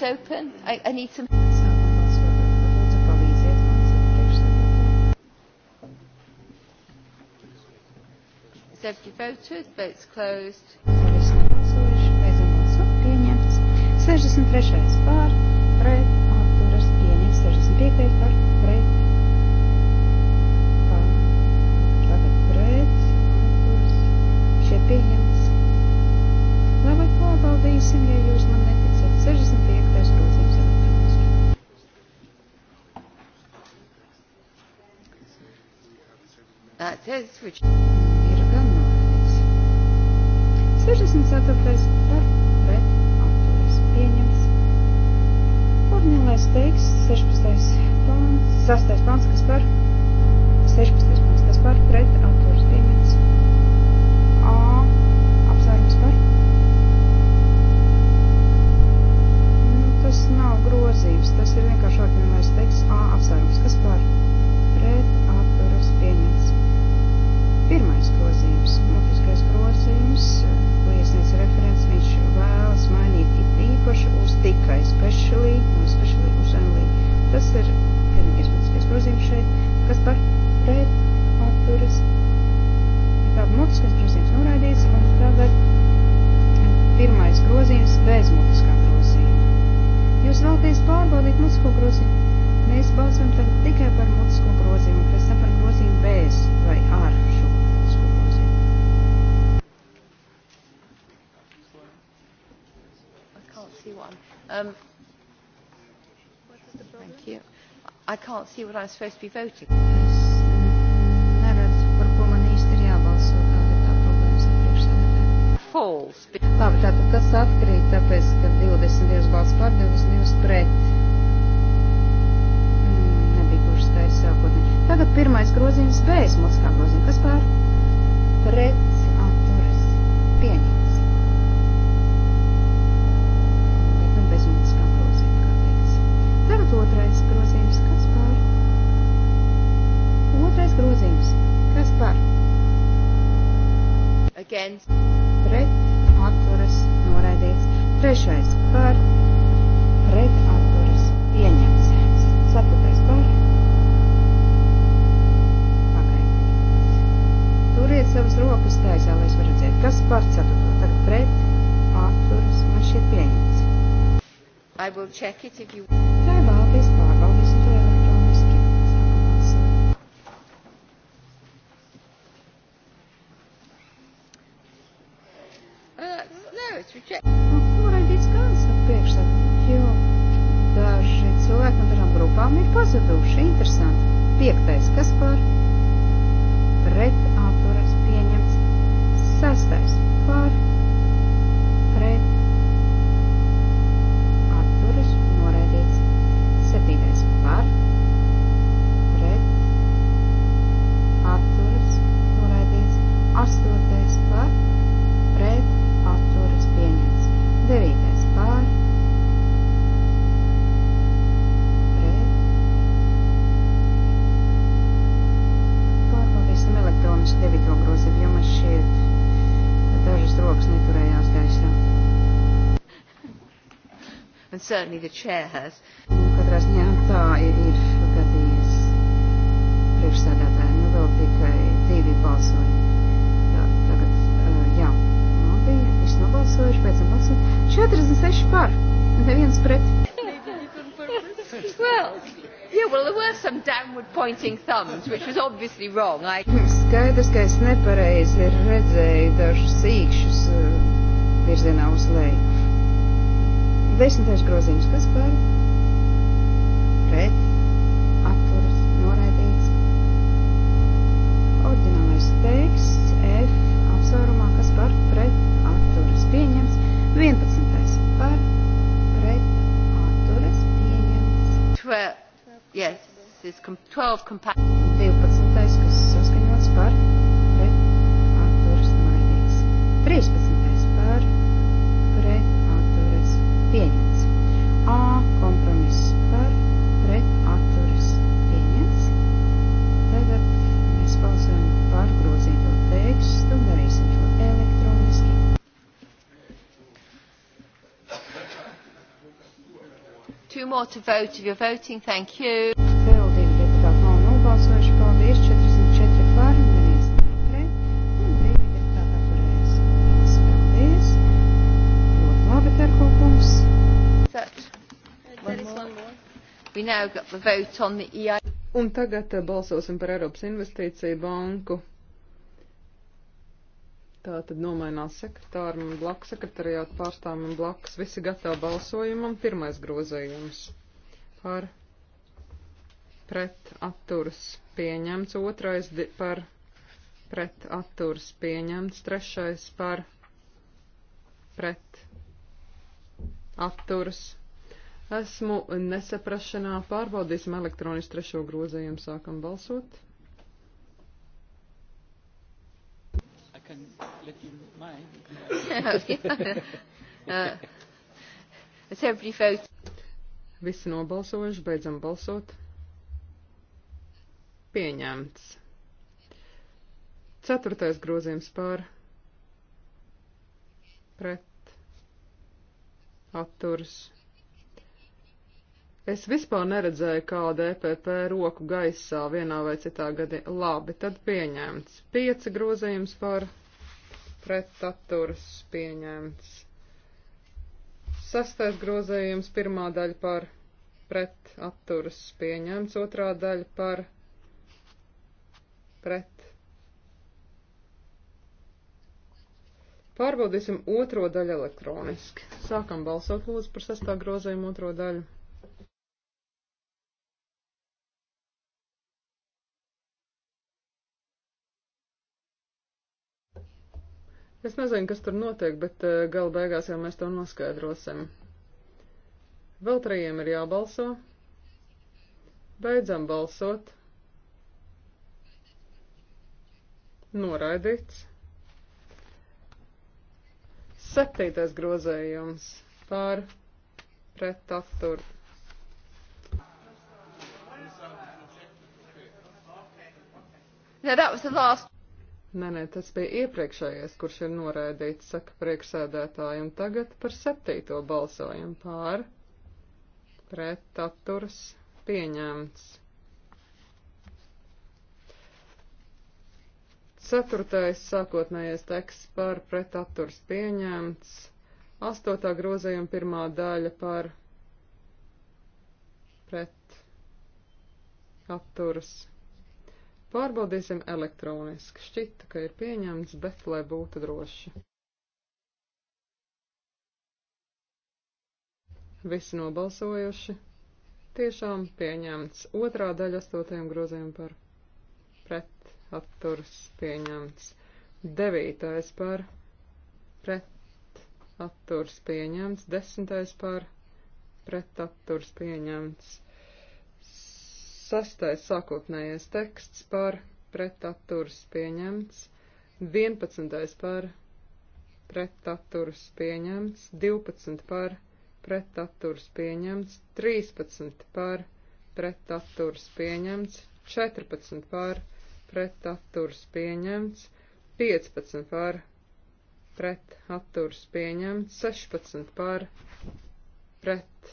vote's open. I, I need some. Has everybody voted? Vote's closed. Visi nobalsojuši, beidzam balsot, pieņemts. 63. pār, pret, atturas, pieņemts. 65. par, pret, par, tagad pret, atturas, šie pieņemts. Labi, pārbaudīsim, ja jūs man neticat. 65 šīs grozījums elektroniski. Ir gan noraidīts. 64. par pret atturas pieņemts. Orģinālais teksts 16. pants, 6. pants, kas par 16. pants, kas par pret atturas. grozījums. Tas ir vienkārši ordinālais teksts A apsvērums. Kas par? Pret atturas pieņemts. Pirmais grozījums. Mutiskais grozījums, ko iesniedz referents, viņš vēlas mainīt it īpaši uz tikai specially, no specially uz only. Tas ir vienīgais mutiskais grozījums šeit. Kas par? Pret atturas pieņemts tāda mutiskais grozījums noraidīts, un tagad pirmais grozījums bez mutiskā grozījuma jūs vēlaties pārbaudīt mūzisko grozījumu? Mēs balsojam tagad tikai par mūzisko grozījumu, pēc tam par grozījumu bez vai ar šo mūzisko grozījumu. Um, Thank you. I can't see what I'm supposed to be voting. Yes. falls. Labi, tātad tas atkrīt, tāpēc, ka 22 balsts pār 22 pret. Mm, nebija gluži skaidrs sākotnē. Tagad pirmais grozījums bez mūziskā grozījuma. Kas pār? Pret atturas pieņemts. Bet nu bez mūziskā grozījuma, kā teicis. Tagad otrais grozījums. Kas pār? Otrais grozījums. Kas par? Against pret atturas noraidīts. Trešais par pret atturas pieņemts. Ceturtais par. Pagaid. Turiet savas rokas taisā, lai es varu redzēt, kas par ceturto par pret atturas man šeit pieņemts. I will check it if you... Kolēģis gan saka priekšā, jo daži cilvēki no dažām grupām ir pazuduši. Interesanti. Piektais, kas par pret atturas pieņemts. Sastais par pret atturas noraidīts. Septītais par pret atturas noraidīts. Astotais par pret certainly the chair has. Katrā ziņā tā ir, ir gadījis priekšsēdētāji, nu vēl tikai divi balsoja. Tā, tagad, uh, jā, nu bija, visi nobalsojuši, pēc tam balsoja. 46 par, neviens pret. (laughs) well, yeah, well, there were some downward pointing thumbs, which was obviously wrong. I... (laughs) Skaidrs, ka es nepareizi redzēju dažus īkšus uh, eh, virzienā uz leju. Desmitais grozījums, kas par pret atturas noraidīts. Ordinālais teksts F apsvērumā, kas par pret atturas pieņems. 11. par pret atturas pieņems. 12. Yes, 12 kas saskaņots par pret atturas noraidīts. 13. pieņemts. A kompromiss par pret atturas pieņemts. Tagad mēs balsojam par grozīto tekstu, darīsim to elektroniski. Two more to vote if you're voting, thank you. E un tagad uh, balsosim par Eiropas investīciju banku. Tā tad nomainās sekretāru un blakus sekretariātu pārstāvim un blakus. Visi gatavi balsojumam. Pirmais grozējums par pret atturas pieņemts. Otrais par pret atturas pieņemts. Trešais par pret atturas pieņemts Esmu nesaprašanā. Pārbaudīsim elektroniski trešo grozījumu. Sākam balsot. (laughs) Uh, Visi nobalsojuši, beidzam balsot. Pieņemts. Ceturtais grozījums pār pret atturs Es vispār neredzēju kādu EPP roku gaisā vienā vai citā gadi. Labi, tad pieņemts. Pieci grozījums par pretaturas pieņemts. Sastais grozījums pirmā daļa par pretaturas pieņemts, otrā daļa par pret. Pārbaudīsim otro daļu elektroniski. Sākam balsot lūdzu par sastā grozījumu otro daļu. Es nezinu, kas tur notiek, bet eh, gala beigās jau mēs to noskaidrosim. Vēl trījiem ir jābalso. Beidzam balsot. Noraidīts. Septītais grozējums pār pret atturu. Yeah, that was the last Nē, nē, tas bija iepriekšējais, kurš ir noraidīts, saka priekšsēdētāji, un tagad par septīto balsojam pār, pret atturs pieņemts. Ceturtais sākotnējais teksts par pret atturs pieņemts. Astotā grozījuma pirmā daļa par pret atturs pieņemts Pārbaudīsim elektroniski. Šķita, ka ir pieņemts, bet lai būtu droši. Visi nobalsojuši. Tiešām pieņemts. Otrā daļa astotajam grozījumam par pret atturs pieņemts. Devītais par pret atturs pieņemts. Desmitais par pret atturs pieņemts. Sastais sākotnējais teksts par pretaturas pieņemts. 11. par pretaturas pieņemts. 12. par pretaturas pieņemts. 13. par pretaturas pieņemts. 14. par pretaturas pieņemts. 15 par pret atturs pieņemts, 16 par pret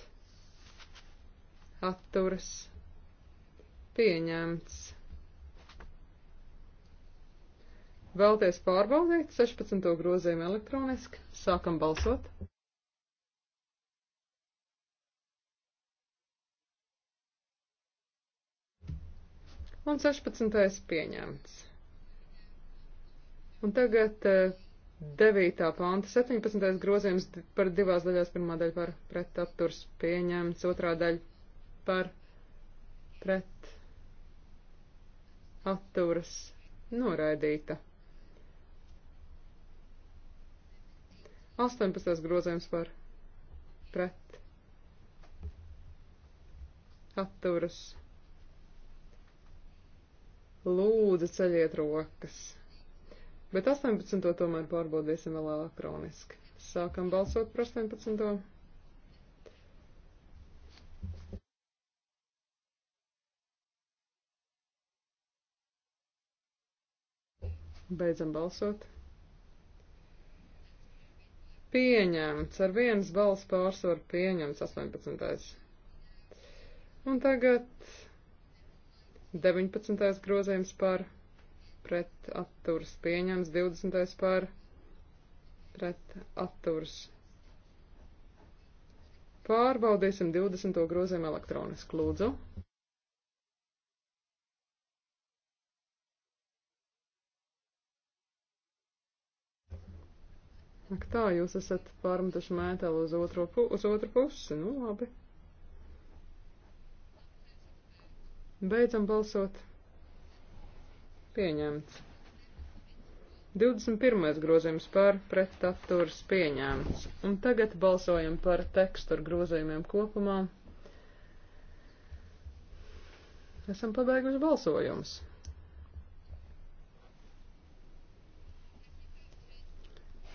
atturs Pieņemts. Vēlties pārbaudīt 16. grozījumu elektroniski. Sākam balsot. Un 16. pieņemts. Un tagad 9. Eh, panta 17. grozījums par divās daļās. Pirmā daļa par pretaturs pieņemts, otrā daļa par pret atturas noraidīta. 18. grozējums par pret atturas. Lūdzu, ceļiet rokas. Bet 18. tomēr pārbaudīsim vēl elektroniski. Sākam balsot par 18. Beidzam balsot. Pieņemts ar vienas balss pārsvaru pieņemts 18. Un tagad 19. grozījums par pret atturs pieņems, 20. par pret atturs. Pārbaudīsim 20. grozījumu elektronisku lūdzu. Ak tā, jūs esat pārmetuši mētelu uz, otro, uz otru pusi, nu labi. Beidzam balsot. Pieņemts. 21. grozījums par pretapturs pieņēmts. Un tagad balsojam par tekstu ar grozījumiem kopumā. Esam pabeiguši balsojumus.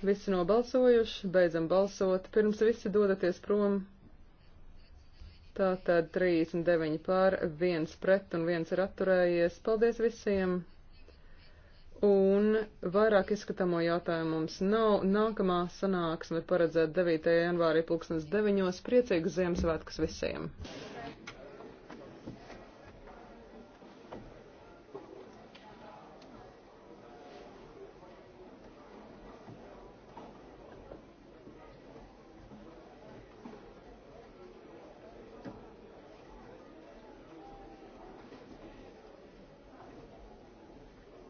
Visi nobalsojuši, beidzam balsot, pirms visi dodaties prom. Tātad 39 pār, 1 pret un 1 ir atturējies. Paldies visiem! Un vairāk izskatāmo jautājumu mums nav. Nākamā sanāksme paredzēta 9. janvārī 2009. Priecīgas Ziemassvētkus visiem!